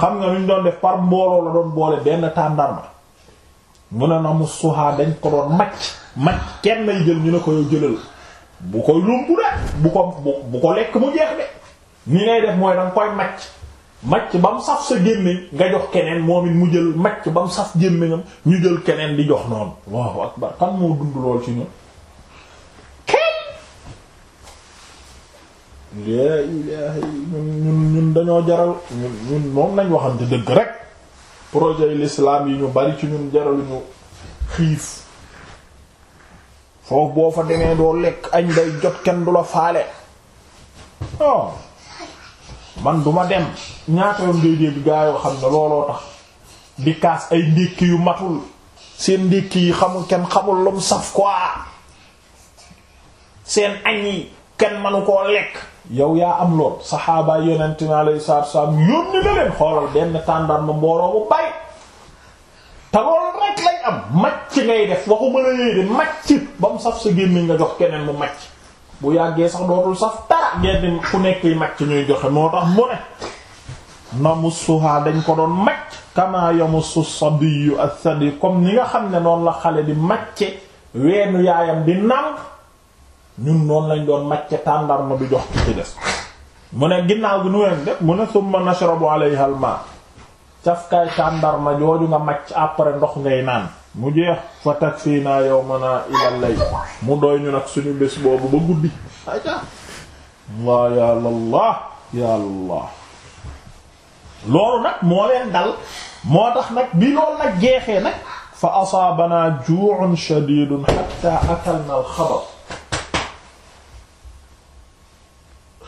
xam nga luñ doon def par mbooloo la doon boole benn tàndarma mu ne na mu suhaa dañ ko doon macc macc kenn lay jël ñu ne ko jëlal bu koy lumb de bu ko bu ko lekk mu jeex de ni ngay def mooy danga koy macc macc ba mu saf sa gémmiñ nga jox keneen moom it mu jël macc ba mu saf gémmiñam ñu jël keneen di jox noonu waaw akbar kan moo dund lool ci ñun laa ilaaha ñun ñun dañoo jaral ñun ñun moom nañ waxante dëgg rek projet yi l'islam yi ñu bari ci ñun jaraluñu xiif foofu boo fa demee doo lekk añ day jot kenn du la faale oh man duma dem ñaata yoon ngay dégg gaa xam ne looloo tax di kaas ay ndékki yu matul seen ndékki yi xamul kenn xamul lu mu saf quoi seen añ yi kenn manu koo lekk yow yaa am lool saxaaba yonent mi alayhi salaatu wasallam yónni la leen xoolal benn tàndarma mbooloo bu te loolu rek lay am màcc ngay def waxuma la yéy de màcc ba mu saf sa gémmiñ nga jox keneen mu màcc bu yàggee sax dootul saf dara ngeen ku nekk yi màcc ñuy joxe moo tax mu ne namussuha dañ ko doon màcc kama yamussu sabiyu as-sadi comme ni nga xam ne noonu la xale di màcce weenu yaayam di nàmp ñun noonu lañ doon macce tàndarma bi jox ci ci des mu ne ginnaaw gi nu leen def mu ne summa nashrabu alayha al ma cafkaay tàndarma jooju nga macc après ndox ngay naan mu jeex fa takfiina yawmana ilal lay mu doy ñu nag suñu bés boobu ba guddi aja Allah ya Allah ya Allah loolu nag moo leen dal moo tax nag bi loolu nag jeexee nag fa asaabanaa ju'un shadiidun hatta akalna al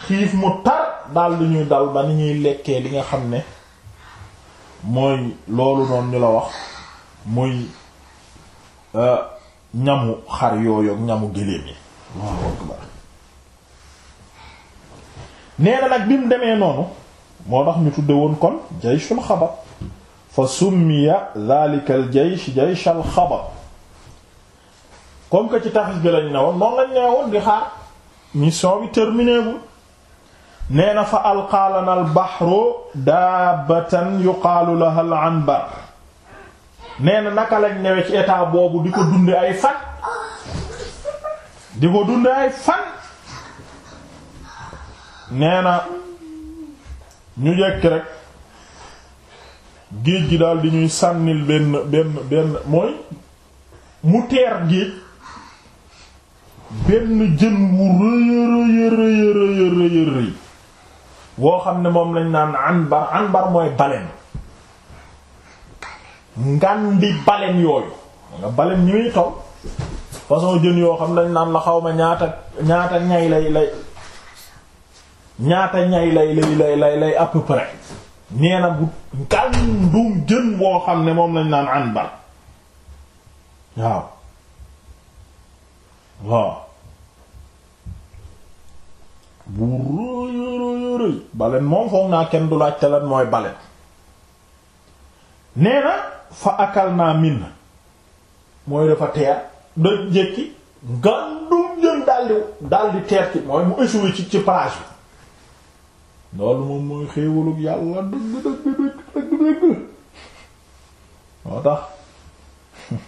xiif mu tar daal li ñuy dal ba ni ñuy lekkee li nga xam ne mooy loolu noonu ñu la wax muy euh, ñamu xar yooyu ak ñamu géléem yi nee na nag bi mu demee noonu moo tax ñu tudde woon kon jayshul xabar fa summiya dhalika al jaysh jayshal xabar comme que ci tafis bi lañ ne woon noonu lañ ne woon di xaar mission bi terminé neena fa alqaa lana albaxru daabatan yu laha al anbar nee na naka lañ newe ci boobu di ko dunde ay fan di ko dunde ay fan nee ñu jekk rek géej gi daal di ñuy sànnil benn benn benn mooy mu teer géej benn jën wu rëy rëy rëy woo xam ne moom lañ naan anbar anbar mooy baleine ngan di baleine yooyu nga baleine ñu muy taw façon jën yoo xam ne dañ naan la xaw ma ñaata ñaata ñay lay lay ñaata ñay lay lay lay lay à nee na bu ngandum jën woo xam ne moom lañ naan anbar waaw waaw bu rëy rëy rëy naa kenn du laaj te lan mooy baleen nee na fa akal naa min mooy dafa teer da jekki ngandum jën daldi daldi teer ci mooy mu échoué ci ci plage bi loolu moom mooy xéewalug yàlla dëgg dëgg dëgg dëgg dëgg moo tax [laughs]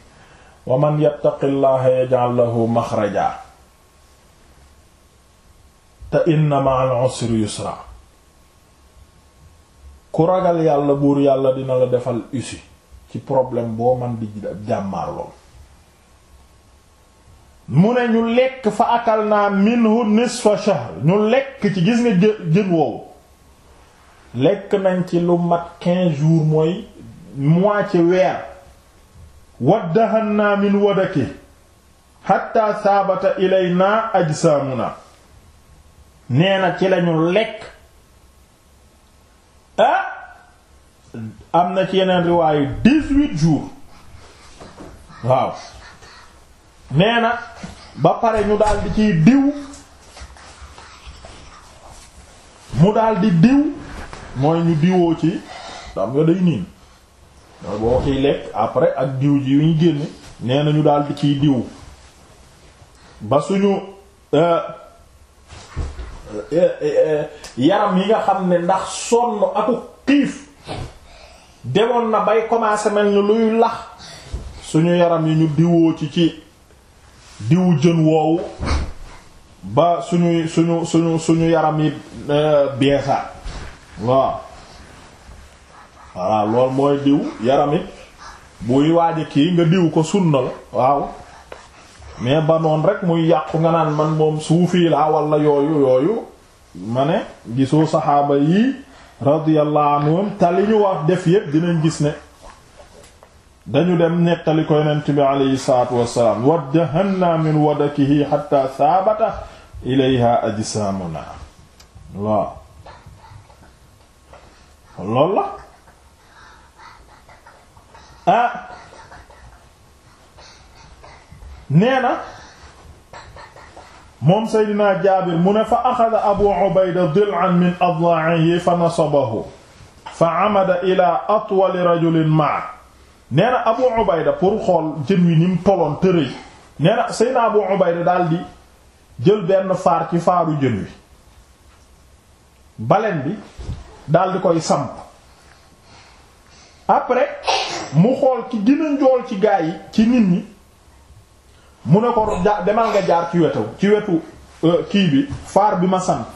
wa man yattaqillaha yaj'al lahu te inna ma'al ku ragal yàlla buur yàlla dina la defal usi ci problème boo man di jàmmaarlool mu ne ñu lekk fa akal naa minhu nisfa shahr ñu lekk ci gis nga jën woowu lekk nañ ci lu mat jours mooy moitié weer waddahan naa min wadaki hatta saabata ilay naa ajsaamuna nee na ci lañu lekk ah am na ci yeneen riwaayu dix-huit jours waaw nee na ba pare ñu daldi ciy diw mu daldi diw mooy ñu diwoo ci dam nga day niin mooy boo ciy lekk après ak diw ji yu ñu génne nee na ñu daldi ciy diw ba suñu euh, Eh, eh, eh, yaram yi nga xam ne ndax sonn aku xiif demoon na bay commencé mel ni luy lax suñu yaram yi ñu diwoo ci ci diwu jën woowu ba suñuy suñu suñu suñu yaram yi beesa waaw voilà loolu mooy diw yaram it buy waaje kii nga diw ko sunna waaw mais ba noon rek muy yàqu nga naan man moom suufi laa wala yooyu yooyu ma ne gisoo saxaaba yi radiyallahu anhum te li ñu wax def yépp dinañ gis ne dañu dem nettali ko yonent bi alayhi salaatu wassalaam waddahanna min wadakihi hatta saabata ilayha ajsaamuna waaw loolu la ah nee na moom Seydina Jaabir mu ne fa axada Abu Ubayda dil'an min adla'ihi fa nasabahu fa amada ila atwali rajulin ma'a nee na Abu Ubayda pour xool jën wi ni mu toloon nee na Seydina Abu Ubayda daal jël benn faar ci faaru jën wi balen bi daldi koy samp après mu xool ci gën njool ci gaa yi ci nit ñi mu ne ko demal nga jaar ci wetu ci wetu euh, kii bi faar bi ma samp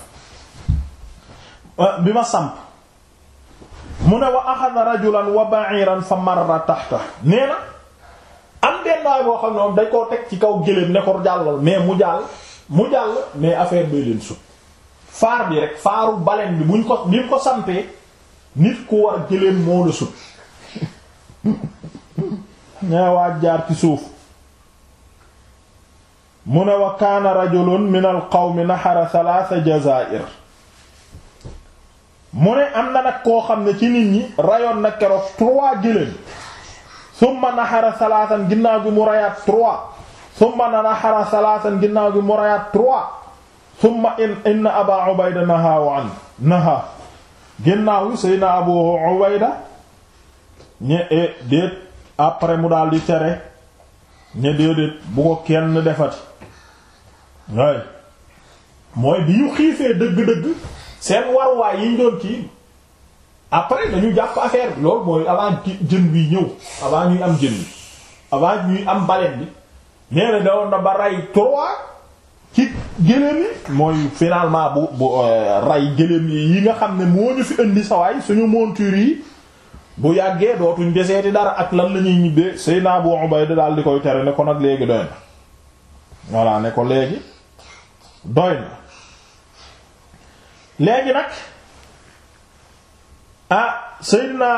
euh, bi ma samp mu ne wa axada rajulan wa ba'iran fa marra taxta nee na am benn waay boo xam ne moom dañ koo teg ci kaw géléem ne ko jàllal mais mu jàll mu jàll mais affaire bay leen sut faar bi rek faaru baleine bi buñ ko biñ ko sampee nit ku war géléem moo la sut ñaa [laughs] waa jaar ci suuf mu ne wa kaana rajulun min al qawmi naxara salaasa jazaa'ir mu ne am na nag koo xam ne ci nit ñi rayoon na keroog trois gëléem summa naxara salaasan ginnaaw gi mu rayaat trois summa inna aba ubayda nahaahu an naha ginnaaw gi seyna abu ubayda ñe e, déet après mu daal tere ñe déedéet bu ko kenn defati waay mooy bi ñu xiifee dëgg-dëgg seen waruwaay yi ñu doon kii après dañu jàpp affaire bi loolu mooy avant jën bi ñëw avant ñuy am jën bi avant ñuy am baleine bi na dawoon na ba rey trois ci gëléem yi mooy finalement bu bu euh, rey gëléem yi yi nga xam ne moo ñu fi indi sawaay suñu monture yi bu yàggee dootuñ deseeti dara ak lan la ñuy ñibbee Seydina Abu Ubayda daal di koy tere ne kon ak léegi doy voilà ne ko léegi doy na léegi nag ah Seydina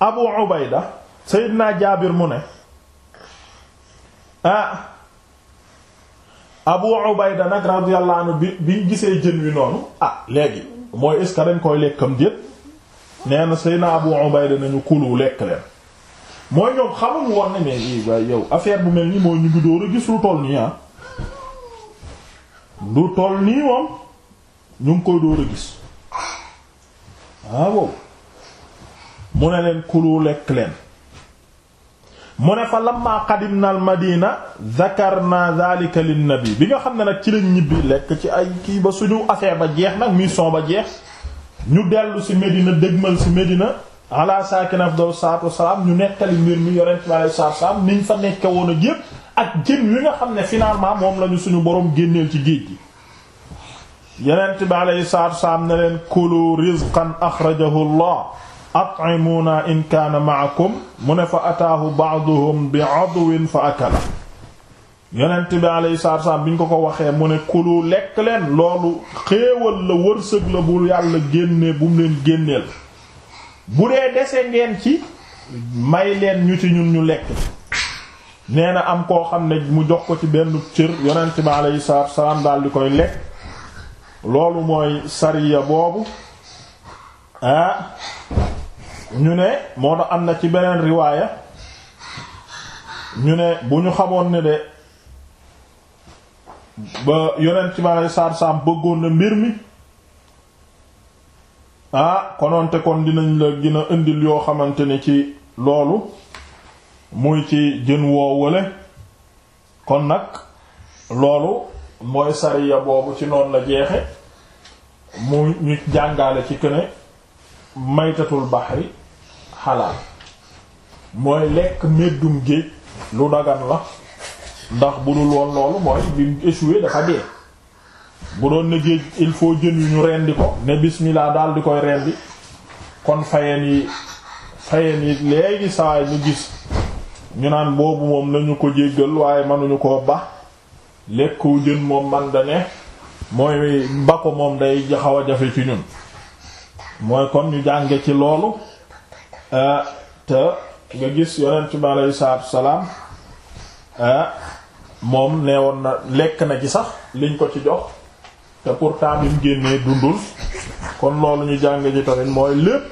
Abu Ubayda Seydina Jaabir mu ne a ah, Abu Ubayda nag radiyallahu anhu bi bi gisee jën wi noonu ah léegi mooy est-ce que dañ koy lekkam déet nee na Abu Ubayda nañu kulu lekk leen mooy ñoom xamul woon ne mais i eh, waay yow affaire bu mel nii mooy ñu ngi dóor a gis lu toll nii ah lu toll nii moom ñu ngi koy dóor a gis ah, waaw mu ne leen kulu lekk leen mu ne fa lamma madina zakarna zalika lin nabi bi nga xam ne nag ci lañ ñibbi lekk ci ay kii ba suñu affaire ba jeex nag mission ba jeex ñu dellu ci Medina dégmal si Medina ala sakin afdal salatu wasalaam ñu nettali mbir mi yonent bi alei salatu salaam niñ fa nekke woon ak yépp ak jën wi nga xam ne finalement moom lañu suñu boroom génneel ci géej gi yonent bi aleyhi salatu wasalaam ne leen kulu rizqan axrajahu allah at'imuna in kaana ma'akum mu ne fa ataahu ba'duhum bi'adwin fa akala yonent bi aleyhi salatu bi ñu ko ko waxee mu ne kulu lekk leen loolu xéewal la wërsëg la bu yàlla génne bu leen génneel bu dee dese ngeen ci may leen ñu ci ñun ñu lekk nee na am koo xam ne mu jox ko ci benn cër yonent bi aleyhi salaatu salaam daal di koy lekk loolu mooy sariya boobu ah ñu ne moo tax am na ci beneen riwaaya ñu ne bu ñu xamoon ne de ba yonent bi aleyhi salaatu salaam bëggoon na mbir mi ah konoonte kon dinañ la gina indil yoo xamante ni ci loolu muy ci jën woo wale kon nag loolu mooy sariya boobu ci noonu la jeexe mu ñu jàngale ci këne maytatul baxri xalaal mooy lekk meddum géej lu dagan la ndax bu dul woon loolu mooy bi échoué dafa dee bu doon ne géej il faut jën yu ñu rendi ko ne bismillah daal di koy rendi kon fayeen yi fayeen yi léegi sawaay ñu gis ñu naan boobu moom nañu ko jéggal waaye mënuñu ko ba lekku jën moom man da mooy ba ko moom day xaw a jafe ci ñun mooy kon ñu jànge ci loolu euh, te nga gis yonent bi aleyhi salaatu salaam euh, moom nee na lekk na ci sax liñ ko ci jox te pourtant bi mu dundul kon loolu ñu jàng ji tamit mooy lépp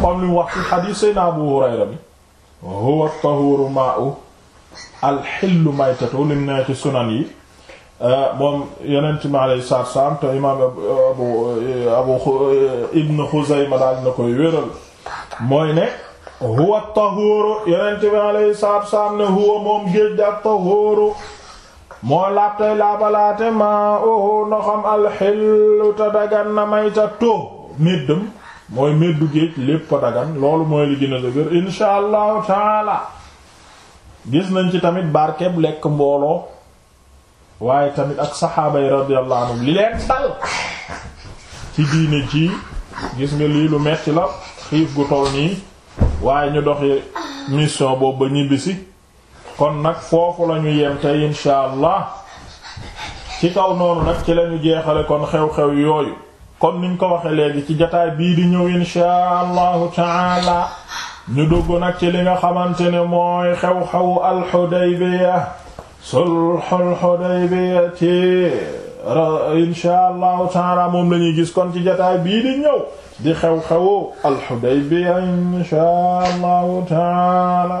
comme li mu wax ci xadiis sayna Abu Hurayra bi huwa tahuru ma'u al xillu maytatu lim nee ci sunan yi moom yeneen ci maaley saatu salam imaam ibn Xuzayma daal na koy wéral mooy ne huwa tahuru yeneen ci maaley saatu salam ne huwa moom géej ak tahuru moo laabtay laabalaate maa oo ndoxam alxillu te dagan na mayta to méddam mooy meddu géej lépp a dagan loolu mooy li gën a dëgër insha allahu taala gis nañ ci tamit barkeb lekk mbooloo waaye tamit ak saxaaba yi radiyallahu li leen dal ci diine ji gis nga lii lu metti la xiif gu toll nii waaye ñu doxi mission boobu ba ñibbisi kon nag foofu lañu yem tey insha allah ci kaw noonu nag ci lañu jeexale kon xew-xew yooyu kon niñ ko waxe léegi ci jataay bii di ñëw insha allahu taala ñu dugg nag ci li nga xamante ne mooy xew-xewu al-Hudaybiya sulhul Hudaybiya ci insha allahu taala moom lañuy gis kon ci jataay bii di ñëw di xew-xewu al-Hudaybiya insha allahu taala